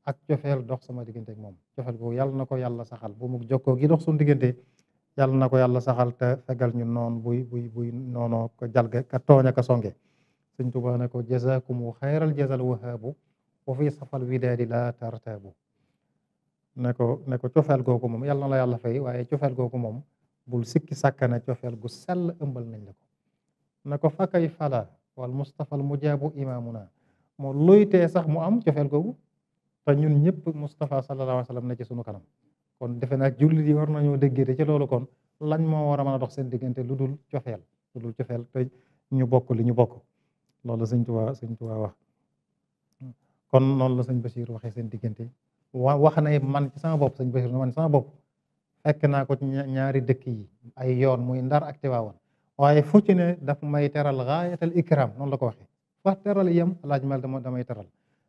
ak cofeel dox sama diggante moom cofeel googu yàlla na ko yàlla saxal bu mu jokkoo gi dox suñu diggante yàlla na ko yàlla saxal te fegal ñu noon buy buy buy noonoo ko jalga ka tooñ ka songe sëñ Tuubaa ne ko jazakumu xayral jazal wahaabu wa fi safal widaadi la tartaabu ne ko ne ko cofeel googu moom yàlla la yàlla fay waaye cofeel googu moom bul sikki sàkkane cofeel gu sell ëmbal nañ la ko na ko fakay fala wal mustafal mujaabu imaamuna moo luy tee sax mu am cofeel googu te ñun ñëpp Moustapha sallallahu alayhi wa sallam ne ci sunu kanam kon defe naa jullit yi war nañoo déggee ci loolu kon lañ moo war a dox seen diggante lu dul cofeel lu dul cofeel te ñu bokk li ñu bokk loolu la sëñ Tuubaa sëñ Tuubaa wax kon noonu la sëñ Bachir waxee seen diggante wa wax na man ci bopp bopp sëñ na man saa bopp fekk naa ko ci ñaari dëkk yi ay yoon muy Ndar ak Tiwaawan waaye fu ne daf may teral gaayatal ikram noonu la ko waxee fa teral yem laaj mal dama damay teral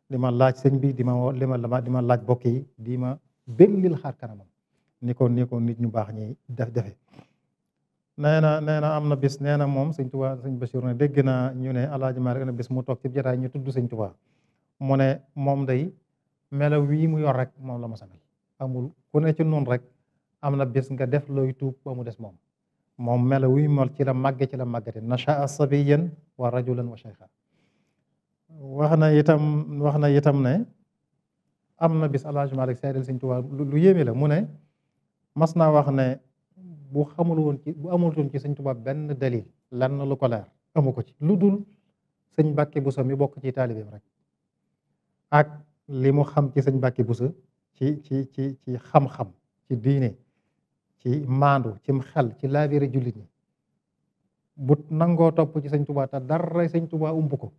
di laaj sëñ bi di ma li ma di ma laaj bokk yi di ma bellil xaar kanamam ni ko nit ñu baax ñi def defe nee na nee na am na bis nee na moom sëñ Tuubaa sëñ Bachir ne dégg naa ñu ne Alaaji Maalik na bis mu toog ci jataay ñu tudd sëñ Tuubaa mu ne moom dey melo wii mu yor rek moom la ma samel amul ku ne ci noonu rek am na bis nga def looy tuub ba mu des moom moom melaw wii mol ci la màgge ci la màggate nashaa sabiyan wa rajulan wa shaykha wax na itam wax na itam ne am na bis Alaaji Maalik seedeel Sëñ Tuubaa lu yéeme la mu ne mas naa wax ne bu xamul woon ci bu amul woon ci Sëñ Tuubaa benn dalil lan lu ko leer amu ko ci lu dul sëñ Mbàkke Buso mi bokk ci taalibeem rek ak li mu xam ci sëñ Mbàkke Buso ci ci ci ci xam-xam ci diine ci maandu cim xel ci laabire jullit ñi bu nangoo topp ci Sëñ Tuubaa te dara Sëñ Tuubaa umb ko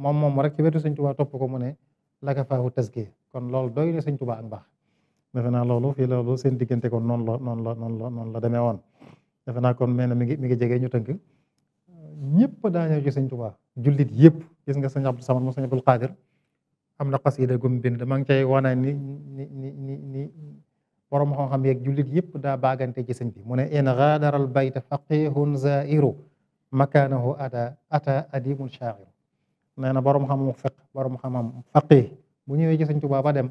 moom moom rek ci wetu sëñ Tuubaa topp ko mu ne laka faahu taski kon lool doy na sëñ Tuubaa ak mbaax defe naa loolu fii loolu seen diggante kon noonu la noonu la noonu la noonu la woon defe naa kon mel na mi ngi mi ngi jege ñu tënk ñëpp daa ñëw ci sëñ Tuubaa jullit yëpp gis nga sëñ Abdou Samad moom sëñ Abdul Qadir am na xasida gum bind maa ngi cay wane ni ni ni ni ni borom xam-xam yeeg jullit yëpp daa baagante ci sëñ bi mu ne in gaadara al bayta faqihun zairu makanahu ata adimun shaa'iru nee na borom xam-xamu fiq borom xam-xamu faqih bu ñëwee ci sëñ Tuubaa ba dem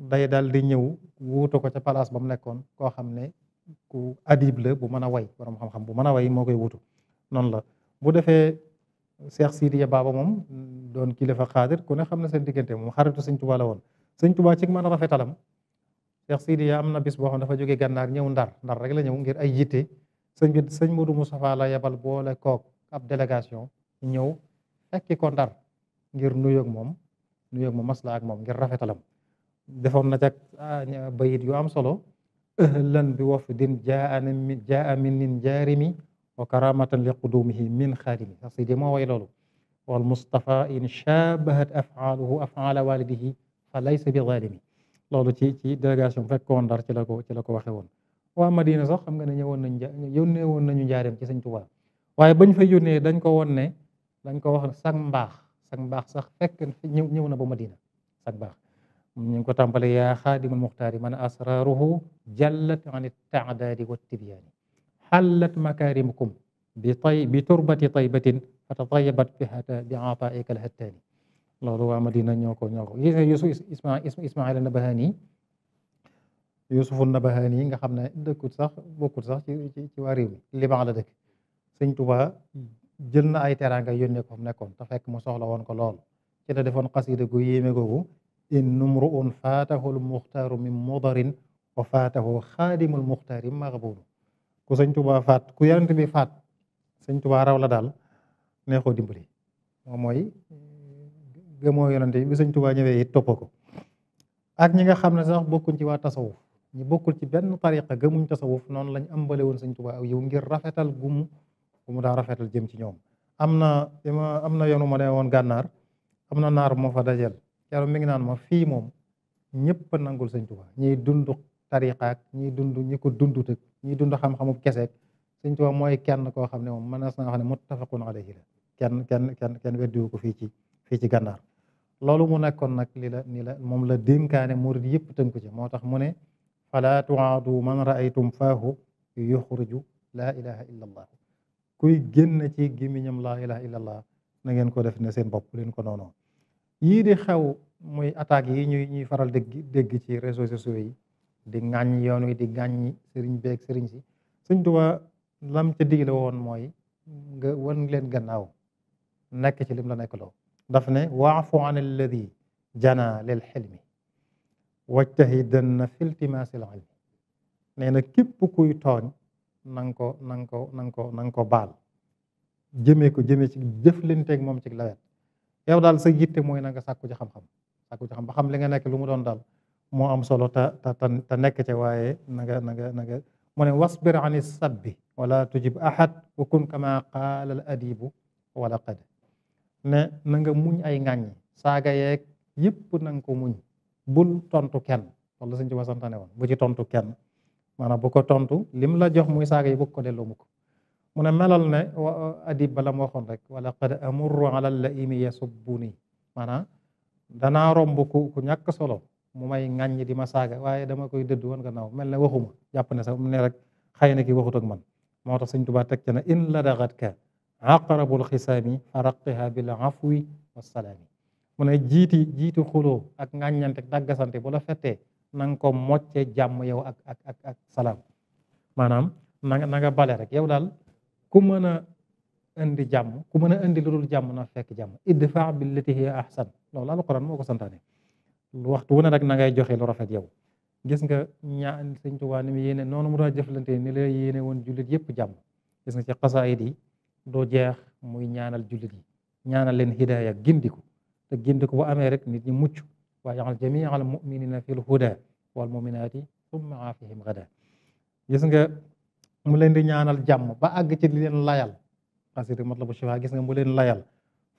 day daal di ñëw wuutu ko ca palace ba mu nekkoon koo xam ne ku adib la bu mën a way borom xam-xam bu mën a way moo koy wuutu noonu la bu defee Cheikh Sidiya Baba moom doon kilifa xaadir ku ne xam na seen diggante moom xaritu sëñ Tuubaa la woon sëñ Tuubaa ci mën a rafetalam Cheikh Sidiya am na bis boo xam dafa jógee gànnaar ñëw ndar ndar rek la ñëw ngir ay yitte sëñ bi sëñ Modou Moustapha la yebal boole kook ab délégation ñëw fekki ko ndar ngir nuyoog moom nuyoog moom masla ak moom ngir rafetalam defoon na ca ah, bayit yu am solo ahlan bi wafdin jaa min jaa min jaarimi wa karamatan li qudumihi min xaalimi sax si di moo way loolu wal mustafa in shabahat afaaluhu afaala walidihi fa laysa bi zalimi loolu ci ci délégation fekk ko ndar ci la ko ci la ko waxe woon waa Madina sax xam nga ne ñëwoon nañ yónnee woon nañu njaareem ci Sëñ Tuubaa bañ fa yónnee dañ ko woon dañ ko wax sag mbaax sag mbaax sax fekk ñëw ñëw na ba Madina sag mbaax ñu ngi ko tàmbale yaa xaadimul muxtaari man asraruhu jallat an taadaadi wa tibyaani xallat makaarimukum bi tay bi turbati taybatin fatatayabat fihata bi ataaika alhattaani loolu waa Madina ñoo ko ñoo ko Yusuf Ismail Nabahani Yusufu Nabahani nga xam ne dëkkut sax bokkut sax ci ci waa réew mi Liban la dëkk sëñ Tuubaa jël na ay teraanga yónnee ko fa mu nekkoon te fekk mu soxla woon ko lool ci la defoon xasida gu yéeme googu in numruun faatahul muxtaaru o mudarin wa faatahu xaadimul muxtaari maxbuunu ku sëñ Tuubaa faat ku yonent bi faat sëñ Tuubaa raw la daal neexoo dimbali moom mooy gëmoo yonent bi sëñ Tuubaa ñëwee it topp ko ak ñi nga xam ne sax bokkuñ ci waa tasawuf ñu bokkul ci benn tariqa gëmuñ tasawuf noonu lañ ambale woon sëñ Tuubaa aw yow ngir rafetal gumu bu mu daa rafetal jëm ci ñoom am na ma am na yoonu ma ne woon gànnaar am na naar moo fa dajel cero mi ngi naan ma fii moom ñëpp nangul sëñ Tuubaa ñiy dund tariqaak ñiy dundu ñi ko dundutëg ñiy dund xam-xamu keseek sëñ Tuubaa mooy kenn koo xam ne moom mënees na nga xam ne muttafaqun alayhi la kenn kenn kenn kenn weddiwu ko fii ci fii ci gànnaar loolu mu nekkoon nag li la ni la moom la dénkaane murid yëpp tënku ci moo tax mu ne fala tuaadu man raaytum faahu yuxriju laa ilaha illa kuy génn ci gémmiñam laa ilaha illallah na ngeen ko def na seen bopp leen ko noonu yii di xew muy attaques yi ñuy ñuy faral degg dégg ci réseaux sociaux yi di ŋàññ yoon wi di ŋàññ sëriñ beeg sëriñ si sëñ Tuubaa lam ca digle woon mooy nga wan leen gannaaw nekk ci lim la nekk loo daf ne waafu an alladi jana lil xilmi wajtahidan na fi iltimaasi l nee na képp kuy tooñ na nga ko na ko na ko na nga baal jëmee ko jëmee ci jëflanteeg moom cig lawet yow daal sa yitte mooy nanga nga sàkku ci xam-xam sàkku xam ba xam li nga nekk lu mu doon daal moo am solo ta ta ta nekk ca waaye nanga nga na na nga mu ne wasbir ani sabbi wala tujib ahad wa kun kama qaala al adibu wala qad ne na muñ ay ŋàññi saaga yeeg yëpp na nga ko muñ bul tontu kenn wala suñ ci wasantane woon bu ci tontu kenn maanaam bu ko tontu lim la jox muy saaga yi bu ko delloo mukk mu ne melal ne adib ba la mu waxoon rek wala qad amurru ala laimi yasubbuni maanaam danaa romb ku ku ñàkk solo mu may ŋàññ di ma saaga waaye dama koy dëdd woon gannaaw mel ne waxuma jàpp ne sax ne rek xëy na ki waxut ak man moo tax Sëñ Tuubaa teg ci ne in ladagatka aqrabul xisaami araqiha bil afwi wassalaami mu ne jiiti jiiti xuloo ak ŋàññante ak dàggasante bu na nga ko mocce jàmm yow ak ak ak ak salaam maanaam nanga nga na bale rek yow daal ku mën a indi jàmm ku mën a indi lu dul jàmm na fekk jàmm idfa billati hiya ahsan loolu alquran moo ko santaane waxtu wu ne rek na ngay joxe lu rafet yow gis nga ñaan sëñ Tuubaa ni mu noonu mu daa jëflante ni la yéene woon jullit yëpp jàmm gis nga ci xasaayid yi doo jeex muy ñaanal jullit yi ñaanal leen hidaaya gindiku te gindiku bu amee rek nit ñi mucc wajaal jamia al muminina fi lhuda wal muminaati summa aafihim gada gis nga mu leen di ñaanal jàmm ba àgg ci li leen layal xasida matlabu shifa gis nga mu leen layal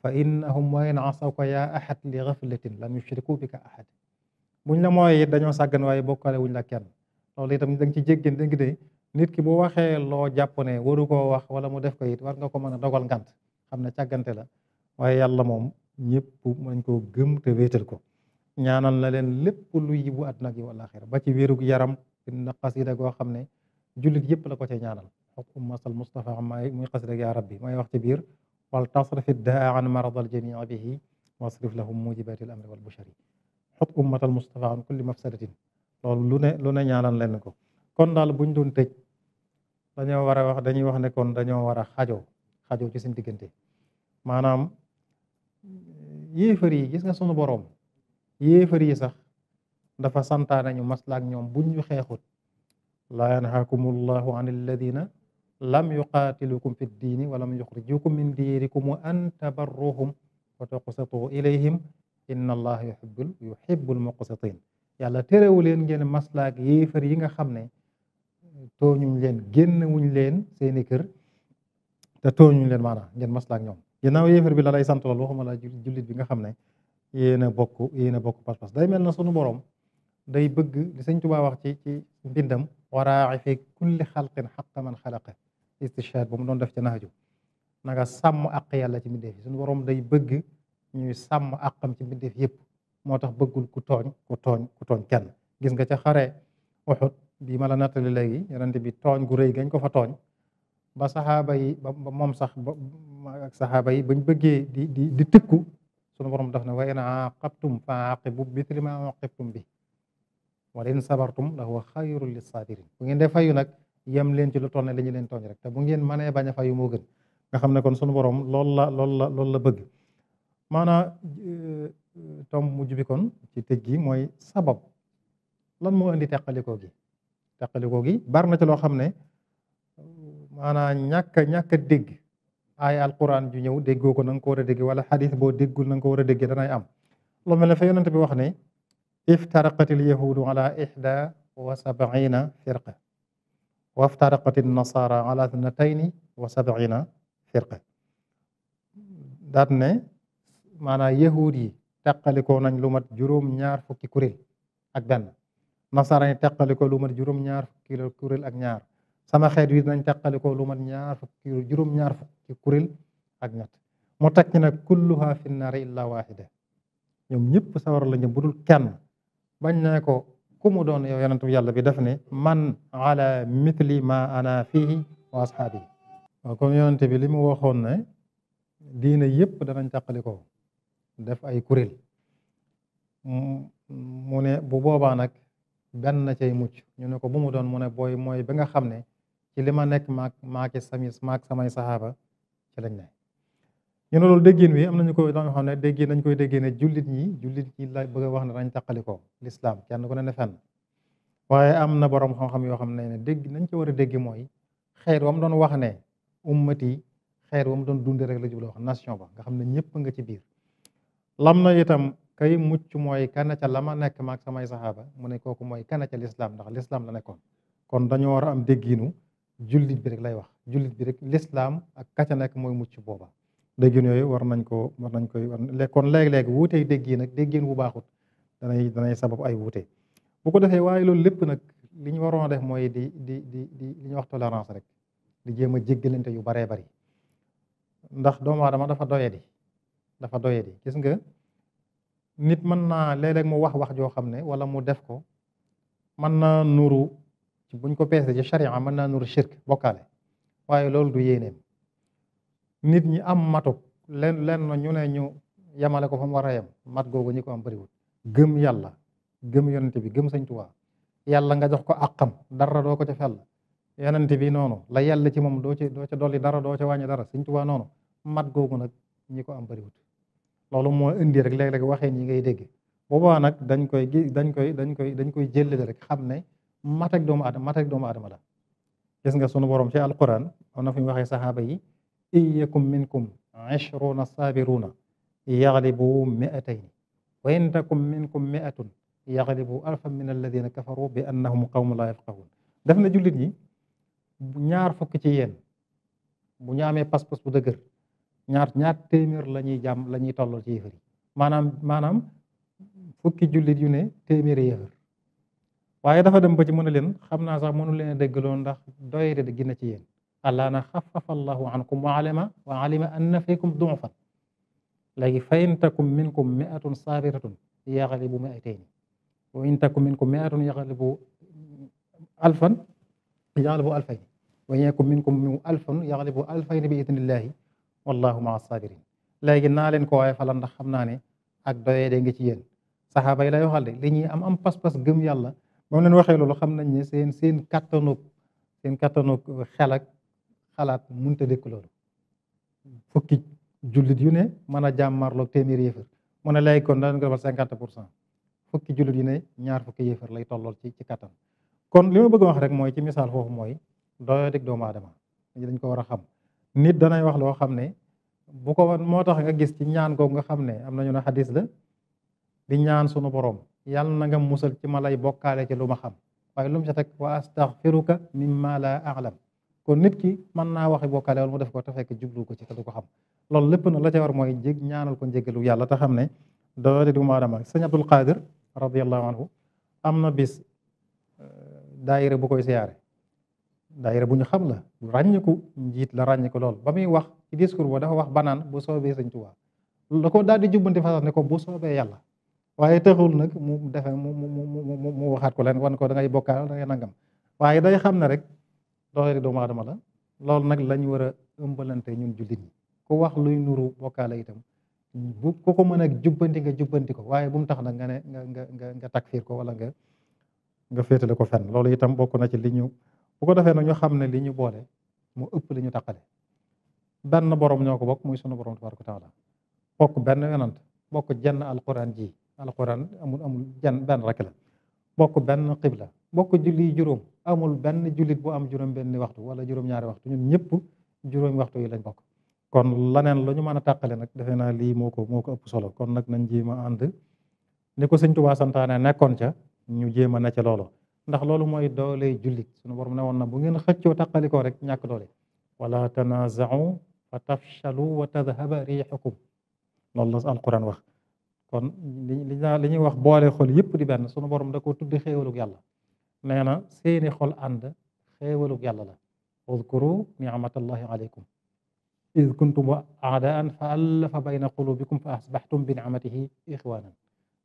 fa innahum wa in asawka yaa ahad li gaflatin lam yushriku bika ahad buñ la mooy dañoo sàggan waaye bokkaale wuñ la kenn loolu itam da nga ci jéggéen dégg de nit ki bu waxee loo jàpp ne waru koo wax wala mu def ko it war nga ko mën a dogal ngant xam na càggante la waaye yàlla moom ñëpp mën koo gëm te wéetal ko ñaanal na leen lépp lu yibu àdduna ak yiw alaxira ba ci wérug yaram na xasida goo xam ne julit yëpp la ko ca ñaanal xok ummasal Mustafa may muy xasida yaa rabbi may wax ci biir wal tasrif daa an marad al jamii bihi wasrif lahum mujibati al amri wal bushari xok ummatal Mustafa an kulli mafsadatin loolu lu ne lu ne ñaanal leen ko kon daal buñ doon tëj dañoo war a wax dañuy wax ne dañoo war a xajoo xajoo ci suñ diggante maanaam yéefar yi gis nga sunu boroom yéefar yi sax dafa santaanañu maslaak ñoom buñ ñu xeexut laa yanhaakum allahu an alladina lam yuqaatilukum fi ddiini wa lam yuxrijukum min diirikum wa an tabarruhum wa tuqsituu ilayhim inna allaha yuhibbul yuhibbul muqsitin yàlla terewu leen ngeen maslaak yéefar yi nga xam ne tooñuñ leen génn wuñ leen seeni kër te tooñuñ leen maanaam ngeen maslaak ñoom ginnaaw yéefar bi la lay sant loolu waxuma la bi nga xam ne yéen a bokk yéen a bokk pas day mel na sunu borom day bëgg li sëñ Tuubaa wax ci ci mbindam waraa fi kulli xalqin xaqa man xalaqa istishaad ba mu doon def ci naaju naga nga sàmm àq yàlla ci mbindeef yi sunu borom day bëgg ñuy sàmm àqam ci mbindeef yëpp moo tax bëggul ku tooñ ku tooñ ku kenn gis nga ca xare Uhud bi ma la nattali léegi yonent bi tooñ gu rëy gañ ko fa tooñ ba saxaaba ba moom sax ba ak saxaaba yi bañ bëggee di di di tëkku sunu borom daf ne wa a aaqabtum fa aaqibu mitli ma aaqibtum bi wala in sabartum la huwa xayrun lissabirin bu ngeen dee fayu nag yem leen ci lu toll ne li leen tooñ rek te bu ngeen mënee bañ fayu moo gën nga xam ne kon sunu borom loolu la loolu la loolu la bëgg maanaam euh, tom mujj bi kon ci tëj gi mooy sabab lan moo indi teqalikoo gi teqalikoo gi bar na ci loo xam ne maanaam ñàkk a ñàkk aaya alquran ju ñëw déggoo ko na nga ko war a dégg wala xadis boo déggul na ko war a dégg am lu mel ne fa yonent bi wax ne iftaraqatil yahudu ala ixda wa sabina firqa waftaraqatil nasara ala thnatayni wa sabina firqa daat ne maanaam yahud yi teqalikoo nañ lu mat juróom-ñaar fukki kuréel ak benn nasara yi lu mat juróom-ñaar fukki kuréel ak ñaar sama xeet wi dinañ tàqalikoo lu mat ñaar fukki juróom ñaar kuréel ak ñett mu teg nag kulluha fi naari illa waxida ñoom ñëpp sawar la bu budul kenn bañ ne ko ku doon yow yonentu bi def ne man ala mithli ma ana fihi wa ashaabi waaw comme yonente bi li mu waxoon ne diine yëpp danañ tàqalikoo def ay kuréel mu ne bu boobaa nag benn na cay mucc ñu ne ko bu mu doon mu ne booy mooy ba nga xam ne ci li ma nekk maak maaki sami maak samay saxaaba ci lañ ne ñu ne loolu déggin wi am nañu ko danga xam ne déggin nañ koy déggee ne jullit ñi jullit ñi la bëgg a wax ne dañ taqalikoo lislaam kenn ku ne ne fenn am na borom xam yoo xam ne ne dégg nañ ci war a dégg mooy xeet wam doon wax ne ummati xeet wam doon dunde rek la jublu wax nation ba nga xam ne ñëpp nga ci biir lam na itam kay mucc mooy kana ca la ma nekk maak samay saxaaba mu ne kooku mooy kana ca lislaam ndax lislaam la nekkoon kon dañoo war am dégginu jullit bi rek lay wax jullit bi rek lislaam ak kaca nekk mooy mucc booba déggin yooyu war nañ ko war nañ koy kon léeg-léeg wuutey déggin nag déggin bu baaxut danay danay sabab ay wuute bu ko defee waaye loolu lépp nag li ñu waroon a def mooy di di di di li ñuy wax tolérance rek di jéem a jéggalante yu baree bari ndax doomu dama dafa di dafa doyadi gis nga nit mën naa léeg-léeg mu wax wax joo xam ne wala mu def ko mën naa nuru buñ ko peesee ci charia mën naa nuru shirk bokkaale waaye loolu du yéeneem nit ñi am matuk leen leen na ñu ne ñu yemale ko fa mu war a yem mat googu ñi ko am bëriwul gëm yàlla gëm yonent bi gëm sëñ Tuubaa yàlla nga jox ko àqam dara doo ko ca fell yonent bi noonu la yàlla ci moom doo ci doo ca dolli dara doo ca wàññi dara sëñ Tuubaa noonu mat googu nag ñi ko am bëriwut loolu moo indi rek léeg-léeg waxee ñi ngay dégg boobaa nag dañ koy dañ koy dañ koy dañ koy jëlale rek xam ne mat doomu aadama mat ak doomu aadama la gis nga sunu borom ci alquran am na fu ñu waxee saxaaba yi iyakum minkum ishruna sabiruna yaglibu mi'atayn wa in takum minkum mi'atun yaglibu alfan min alladina kafaru bi annahum qawmun la yafqahun def na jullit ñi ñaar fukki ci yéen bu ñu amee pas-pas bu dëgër ñaar ñaar téeméer la ñuy jàmm la ñuy tolloo ci yéefar yi maanaam maanaam fukki jullit yu ne téeméeri yéefar waaye dafa dem ba ci mën a leen xam naa sax mënu leen a na ndax doyre de gina ci yéen allaana xafafa allahu ankum wa alima wa alima anna fikum duufan léegi fa in takum minkum miatun sabiratun yaxalibu miatayni wa in takum minkum miatun yaxalibu alfan yaxalibu alfayni wa in yakum minkum alfun yaxalibu alfayni bi idnillahi wallahu maa sabirin léegi naa leen ko waaye fala ndax xam naa ne ak doyee de ngi ci yéen saxaaba yi lay waxal de li ñuy am am pas-pas gëm yàlla moom leen waxee loolu xam nañ ne seen seen kattanu seen kattanu xel ak xalaat mënut a dëkk loolu fukki jullit yu ne mën a jàmmarloog téeméeri yéefar mu ne lay kon daan ko defal cinquante pour cent fukki jullit yu ne ñaar fukki lay tollool ci ci kattan kon li ma bëgg wax rek mooy ci misaal foofu mooy doyoo dëgg doomu adama dañ ko war a xam nit danay wax loo xam ne bu ko moo tax nga gis ci ñaan googu nga xam ne am nañu ne xadis la di ñaan sunu boroom yàlla na musal ci ma lay bokkaale ci lu ma xam waaye lu ca teg wa astaghfiruka mimma la a'lam kon nit ki mën naa waxi bokkaale wala mu def ko te fekk jublu ko ci ta du ko xam loolu lépp na la ca war mooy jég ñaanal ko njégalu yàlla te xam ne doole du maadama sëñ Abdul Qadir radiyallahu anhu am na bis euh, daayira bu koy siyaare daayira bu ñu xam la bu njiit la ràññiku lool ba muy wax ci discours ba dafa wax banaan bu soobee sëñ Tuubaa la ko daal di jubbanti fa sax ne ko bu soobee yàlla waaye taxul nag mu defe mu mu mu waxaat ko leen wan ko da ngay bokkaal waaye day xam ne rek doxali doomu aadama la loolu nag lañ war a ëmbalante ñun jullit yi ku wax luy nuru bokkaale itam bu ku ko mën a jubbanti nga jubbanti ko waaye bu mu tax nag nga ne nga nga nga nga takfiir ko wala nga nga féetale ko fenn loolu itam bokk na ci li ñu bu ko defee nag ñu xam ne li boole mu ëpp li ñu taqale benn borom ñoo ko bokk muy sunu borom war ko tabaaraka la bokk benn yonant bokk jenn alquran ji alquran amul amul jan benn rek la bokk benn xibla bokk julli juróom amul benn jullit boo am juróom benn waxtu wala juróom-ñaari waxtu ñun ñëpp juróomi waxtu yi lañ bokk kon laneen la ñu mën a tàqale nag defe naa lii moo ko moo ko ëpp solo kon nag nañ jéem a ànd ni ko sëñ Tuubaa santaane nekkoon ca ñu jéem a ne ca loolu ndax loolu mooy doole jullit suñu borom ne woon na bu ngeen xëccoo tàqalikoo rek ñàkk doole wala tanaaza'u fa tafshalu wa ta riihukum loolu la alquran wax kon li li ñuy wax boole xol yëpp di benn sunu borom da ko tudd xéewalug yàlla nee na seeni xol ànd xéewalug yàlla la udkuru ni'matallahi alaykum id kuntum aadaan fa allafa bayna qulubikum fa asbaxtum bi ni'matihi ixwanan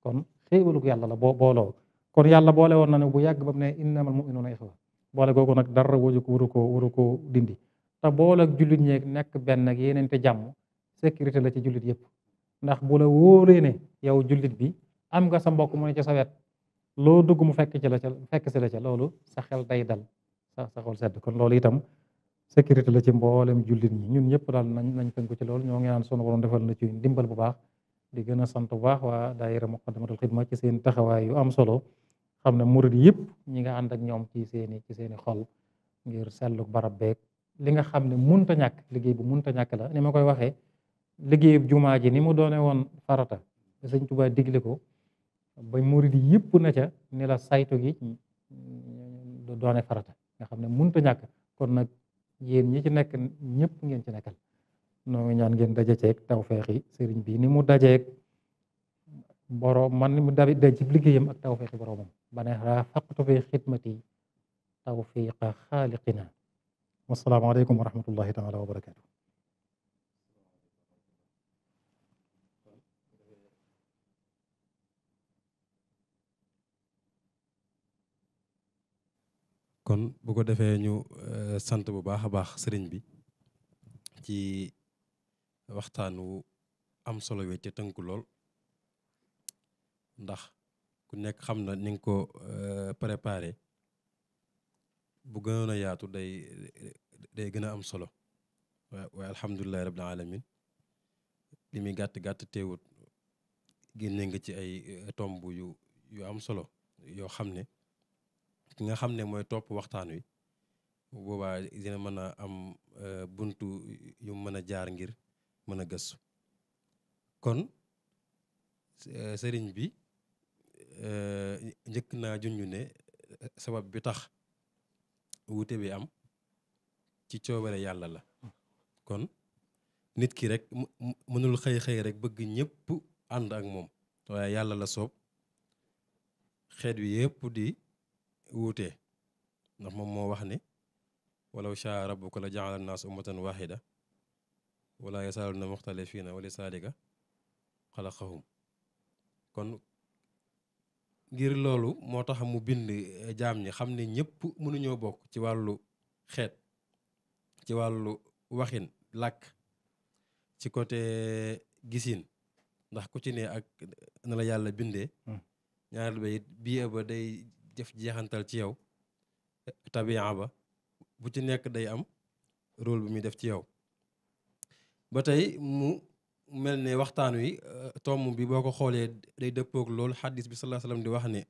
kon xéewalug yàlla la boo booloo kon yàlla boole woon na ne bu yàgg bam ne innamal mu'minuna ixwa boole googu nag dara waju ko waru ko waru ko dindi te boole ak jullit ñeeg nekk benn ak yeneen te jàmm sécurité la ci jullit yëpp ndax bu la wóoree ne yow jullit bi am nga sa mbokk mu ne ci sa wet loo dugg mu fekk ci la ca fekk si la ca loolu sa xel day dal sa sa xol sedd kon loolu itam sécurité la ci mboolem jullit ñi ñun ñëpp daal nañ nañ tënku ci loolu ñoo ngi naan sunu borom defal na ci ndimbal bu baax di gën sant bu baax waa daayira Muqaddamatul Xidma ci seen taxawaay am solo xam ne murid yëpp ñi nga ànd ak ñoom ci seeni ci seeni xol ngir sellu barab beeg li nga xam ne munta ñàkk liggéey bu munta ñàkk la ni ma koy waxee liggéeyub jumaa ji ni mu doone woon farata sëñ Tuubaa digle ko ba murid yëpp na ca ni la saytu gi doone farata nga xam ne mënut a ñàkk kon nag yéen ñi ci nekk ñëpp ngeen ci nekkal noo ngi ñaan ngeen daje ceeg tawfeexi sëriñ bi ni mu dajeeg boroom man ni mu dabi daj ci liggéeyam ak tawfeexi boroomam ba ne raafaqtu fi xidmati tawfiqa xaaliqina wasalaamaaleykum wa rahmatullahi taala wa barakatu kon bu ko defee ñu euh, sant bu baax a baax sëriñ bi ci waxtaan wu am solo wi te tënku lool ndax ku nekk xam na ni nga ko euh, préparé bu gënoon a yaatu day day gën a am solo waaye alhamdulilahi rabbil alamin li muy gàtt-gàtt teewut génne nga ci ay euh, tomb yu yu am solo yoo xam ne nga xam ne mooy topp waxtaan wi bu boobaa dina mën a am euh, bunt yu mën a jaar ngir mën a gëstu kon euh, sëriñ bi euh, njëkk naa junj ne sabab bi tax wute bi am ci coobare yàlla la kon nit ki rek mënul xëy xëy rek bëgg ñépp ànd ak moom waaye yàlla la soob xeet wi yëpp di wuutee ndax moom moo wax ne walaw shaa rabbuka la jaala naas ummatan waxida wala sa na yasaaluna muxtalifiina wali saalika xalaqahum kon ngir loolu moo tax mu bind eh, jaam ñi xam ne ñëpp mënuñoo bokk ci wàllu xeet ci wàllu waxin làkk ci côté gisin ndax ku ci ne ak na la yàlla bindee hmm. bii ba day jëf jeexantal ci yow tabi'a ba bu ci nekk day am rôle bu muy def ci yow ba tey mu mel ne waxtaan wi euh, tomb bi boo ko xoolee day dëppoog loolu xadis bi sallallahu alayhi wasallam di wax ne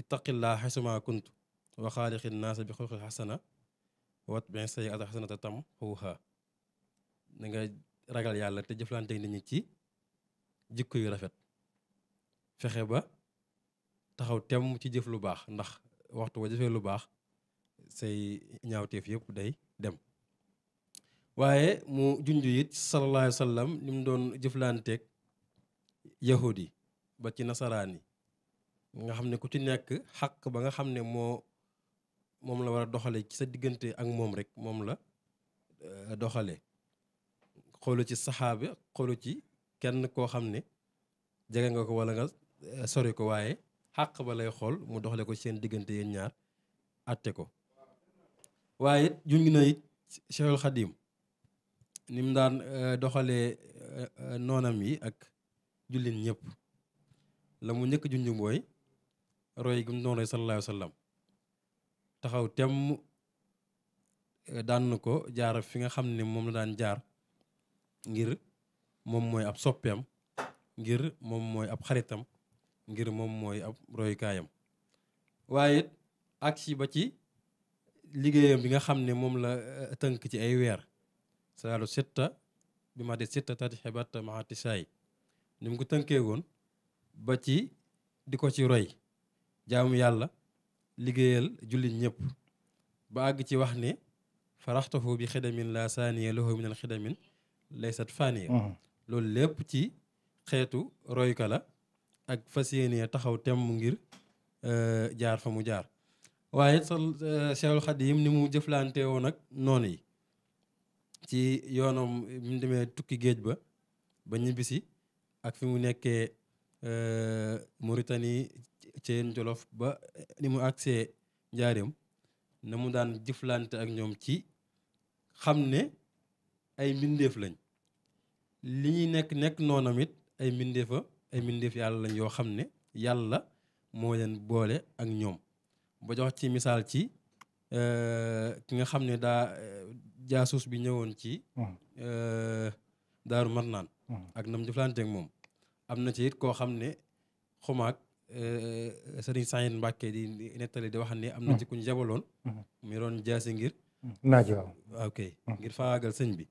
ittaqillaa xasuma kunt wa xaaliqi naasa bi xulqi xasana wat bin say ata xasanata tam xuuxa da nga ragal yàlla te jëflante nit ñi ci jikko yu rafet fexe ba taxaw tem ci jëf lu baax ndax waxtu wa jëfee lu baax say ñaawteef yëpp day dem waaye mu junj it sallallahu alayhi wa doon jëflanteeg yahud yi ba ci nasaraan yi nga xam ne ku ci nekk xaq ba nga xam ne moo moom la war a doxale ci sa diggante ak moom rek moom la euh, doxale xoolu ci saxaabe xoolu ci kenn koo xam ne jege nga ko walla nga euh, sori ko waaye xàq ba lay xool mu doxale ko seen diggante yéen ñaar atte ko waaye it na it Cheikhul Xadim ni mu daan euh, doxalee euh, euh, noonam yi ak jullit ñëpp la mu njëkk junj mooy roy gi mu doon roy sallallahu alayhi taxaw temm daan na ko jaar fi nga xam ne moom la daan jaar ngir moom mooy ab soppeem ngir moom mooy ab xaritam ngir moom mooy ab royukaayam waaye ak agsi ba ci liggéeyam bi nga xam ne moom la eh, tënk ci ay weer saalu sitta bi ma de sitta tati saay ni mu ko tënkee woon ba ci di ko ci roy jaamu yàlla liggéeyal jullit ñëpp ba àgg ci wax ne faraxtahu bi xidamin la saaniya lahu min al mm-hmm. loolu lépp ci xeetu royka la ak fa yéenee taxaw temm ngir euh, jaar fa mu jaar waaye it euh, Cheikhul Khadim ni mu jëflante woon ak noonu yi ci yoonam mu demee tukki géej ba ba ñibbisi ak fi mu nekkee euh, Mauritanie Thièyeen Jolof ba ni mu agsee njaareem na mu daan jëflante ak ñoom ci xam ne ay mbindeef lañ li ñuy nekk nekk noonam ay mbindeefa ay mbindeef yàlla lañ yoo xam ne yàlla moo leen boole ak ñoom ba jox ci misaal ci euh, ki nga xam ne daa jaasuus bi ñëwoon ci hmm. euh, daaru marnaan hmm. ak nam jëflanteeg moom am na ci koo xam ne xumaag euh, sëriñ Saïd Mbàkke di nettali di wax ne am na ci hmm. kuñ jabaloon mu yoroon jaasi ngir naaj waaw ah, ok ngir faagal sëñ bi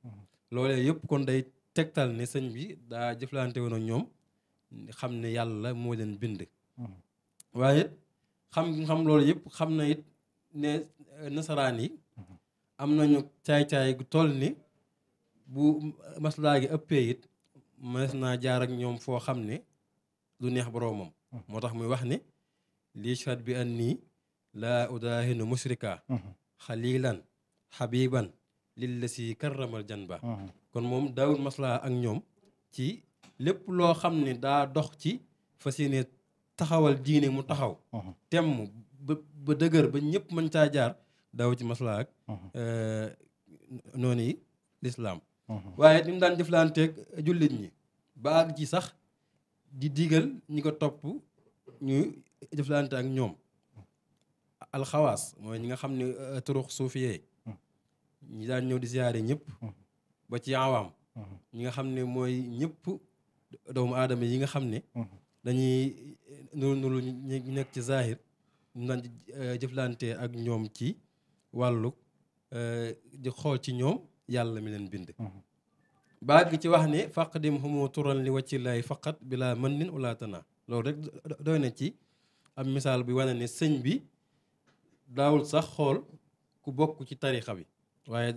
loolee yëpp kon day tegtal ne sëñ bi daa jëflante woon ñoom xam ne yàlla moo leen bind hmm. waaye xam xam loolu yëpp xam na it ne eh, nasaraan yi hmm. am nañu caay-caay gu toll ni bu maslaa gi ëppee it mënees naa jaar ak ñoom foo xam ne lu neex boroomam hmm. moo tax muy wax ni lii chat bi an nii laa udaahinu musrika xalilan xabiban lilla si karramal jan ba kon moom daawul maslaa ak ñoom ci lépp loo xam ne daa dox ci fas yéene taxawal diine mu taxaw uh-huh. temm ba dëgër ba ñëpp mën caa jaar daw ci masla ak uh-huh. eh, noonu yi lislaam uh-huh. waaye ni daan jëflanteeg jullit ñi ba ak ji sax di digal ñi ko topp ñuy jëflante ak ñoom alxawaas mooy ñi nga xam ne eh, turux suufiyee ñi daan ñëw di siyaare ñëpp ba ci awaam ñi nga xam ne mooy ñëpp doomu aadama yi nga xam ne mhm. dañuy eh, nuru nuru ñu nekk ci zahir ñu naan eh, jëflante ak ñoom ci wàllu eh, di xool ci ñoom yàlla mi leen bind mhm. baag gi ci wax ne faqdim humu turan li wacci lay faqat bila mën nin ulaatana loolu rek doy na ci am misaal bi wane ne sëñ bi daawul sax xool ku bokk ci tarixa bi waaye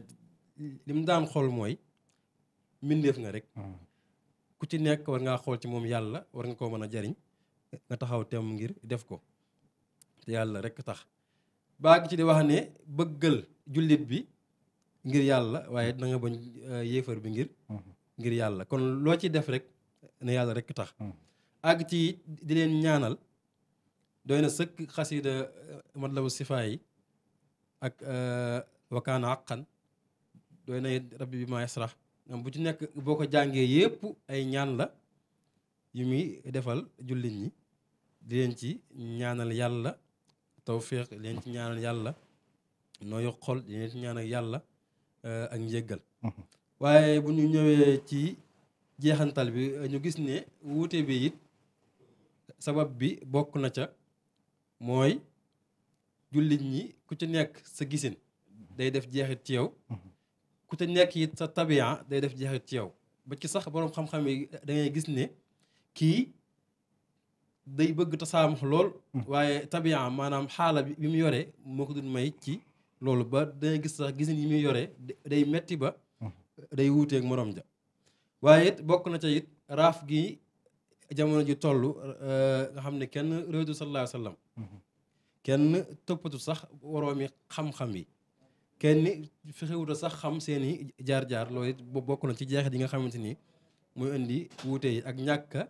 li mu daan xool mooy mbindeef nga rek mhm. ku ci nekk war ngaa xool ci moom yàlla war nga koo mën a jariñ nga taxaw teem ngir def ko te yàlla rek tax baa gi ci di wax ne bëggal jullit bi ngir yàlla waaye na nga bañ euh, yéefar bi ngir mm-hmm. ngir yàlla kon loo ci def rek ne yàlla rek tax àgg mm-hmm. ci di leen ñaanal doy na sëkk xasida euh, matlabu sifaa yi ak euh, wakaana àqan doy na rabbi bi ma yasrax bu ci nekk boo ko jàngee yépp ay ñaan la yu muy defal jullit ñi di leen ci ñaanal yàlla tawfiq di leen ci ñaanal yàlla nooyu xol di ci ñaanal yàlla euh, ak njéggal mhm. waaye bu ñu ñëwee ci jeexantal bi euh, ñu gis ne wuute bi it sabab bi bokk na ca mooy jullit ñi ku ci nekk sa gisin mhm. day def jeexit ci yow mhm. ku te nekk it sa tabian day def jeexit ci yow ba ci sax boroom xam-xam yi da ngay gis ne kii day bëgg tasaamux lool hmm. waaye tabian maanaam xaala bi mu yore moo ko dul may ci loolu ba da gis sax gisin yi muy yore day metti ba hmm. day wuuteeg moroom ja waaye it bokk na ca it raaf gi jamono ji toll euh, nga xam ne kenn réetu sallallahu alayhi hmm. toppatu sax waroomi xam-xam yi kenn fexewuta sax xam seen i jaar-jaar loolu it bokk na ci jeexit di nga xamante ni muy indi wuute yi ak ñàkk a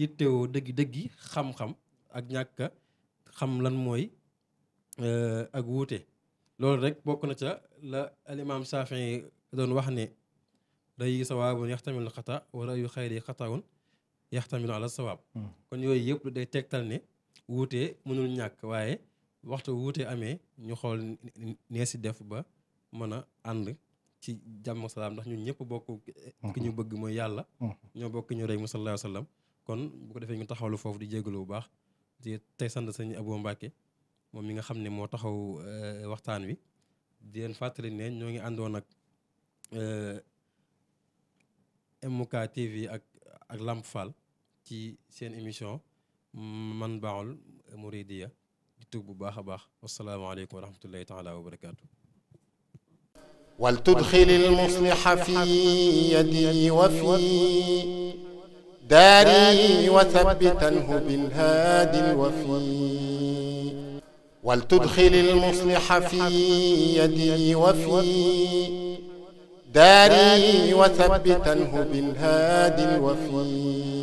yittewoo dëgg dëggi xam-xam ak ñàkk xam lan mooy euh, ak wuute loolu rek bokk na ca la alimaam Saafi doon wax ne rëy sawaabun yaxtamilu xata wa rëyu xayri xataun yaxtamilu ala sawaab hmm. kon yooyu yëpp day tegtal ne wuute mënul ñàkk waaye waxtu wuute amee ñu xool nee si def ba mën a ànd ci jàmm ak ndax ñun ñëpp bokk ki ñu bëgg mooy yàlla mm-hmm. ñoo bokk ñu rey mu sallallahu alayhi wa sallam kon bu ko defee ñu taxawlu foofu di jégalu bu baax di tey sant sëñ Abou Mbacke moom mi nga xam ne moo taxaw euh, waxtaan wi di fàttali ne ñoo ngi àndoon ak euh, MK ak ak Lamp ci seen émission man baaxul Muridiya di tub bu baax a baax wasalaamaaleykum wa rahmatullahi taala wa barakaatu. wal tudxili lmusliha fi yadi wa fi daari wa sabbitanhu bil haadi lwafi wal tudxili lmusliha fi yadi wa fi daari wa sabbitanhu bil haadi lwafi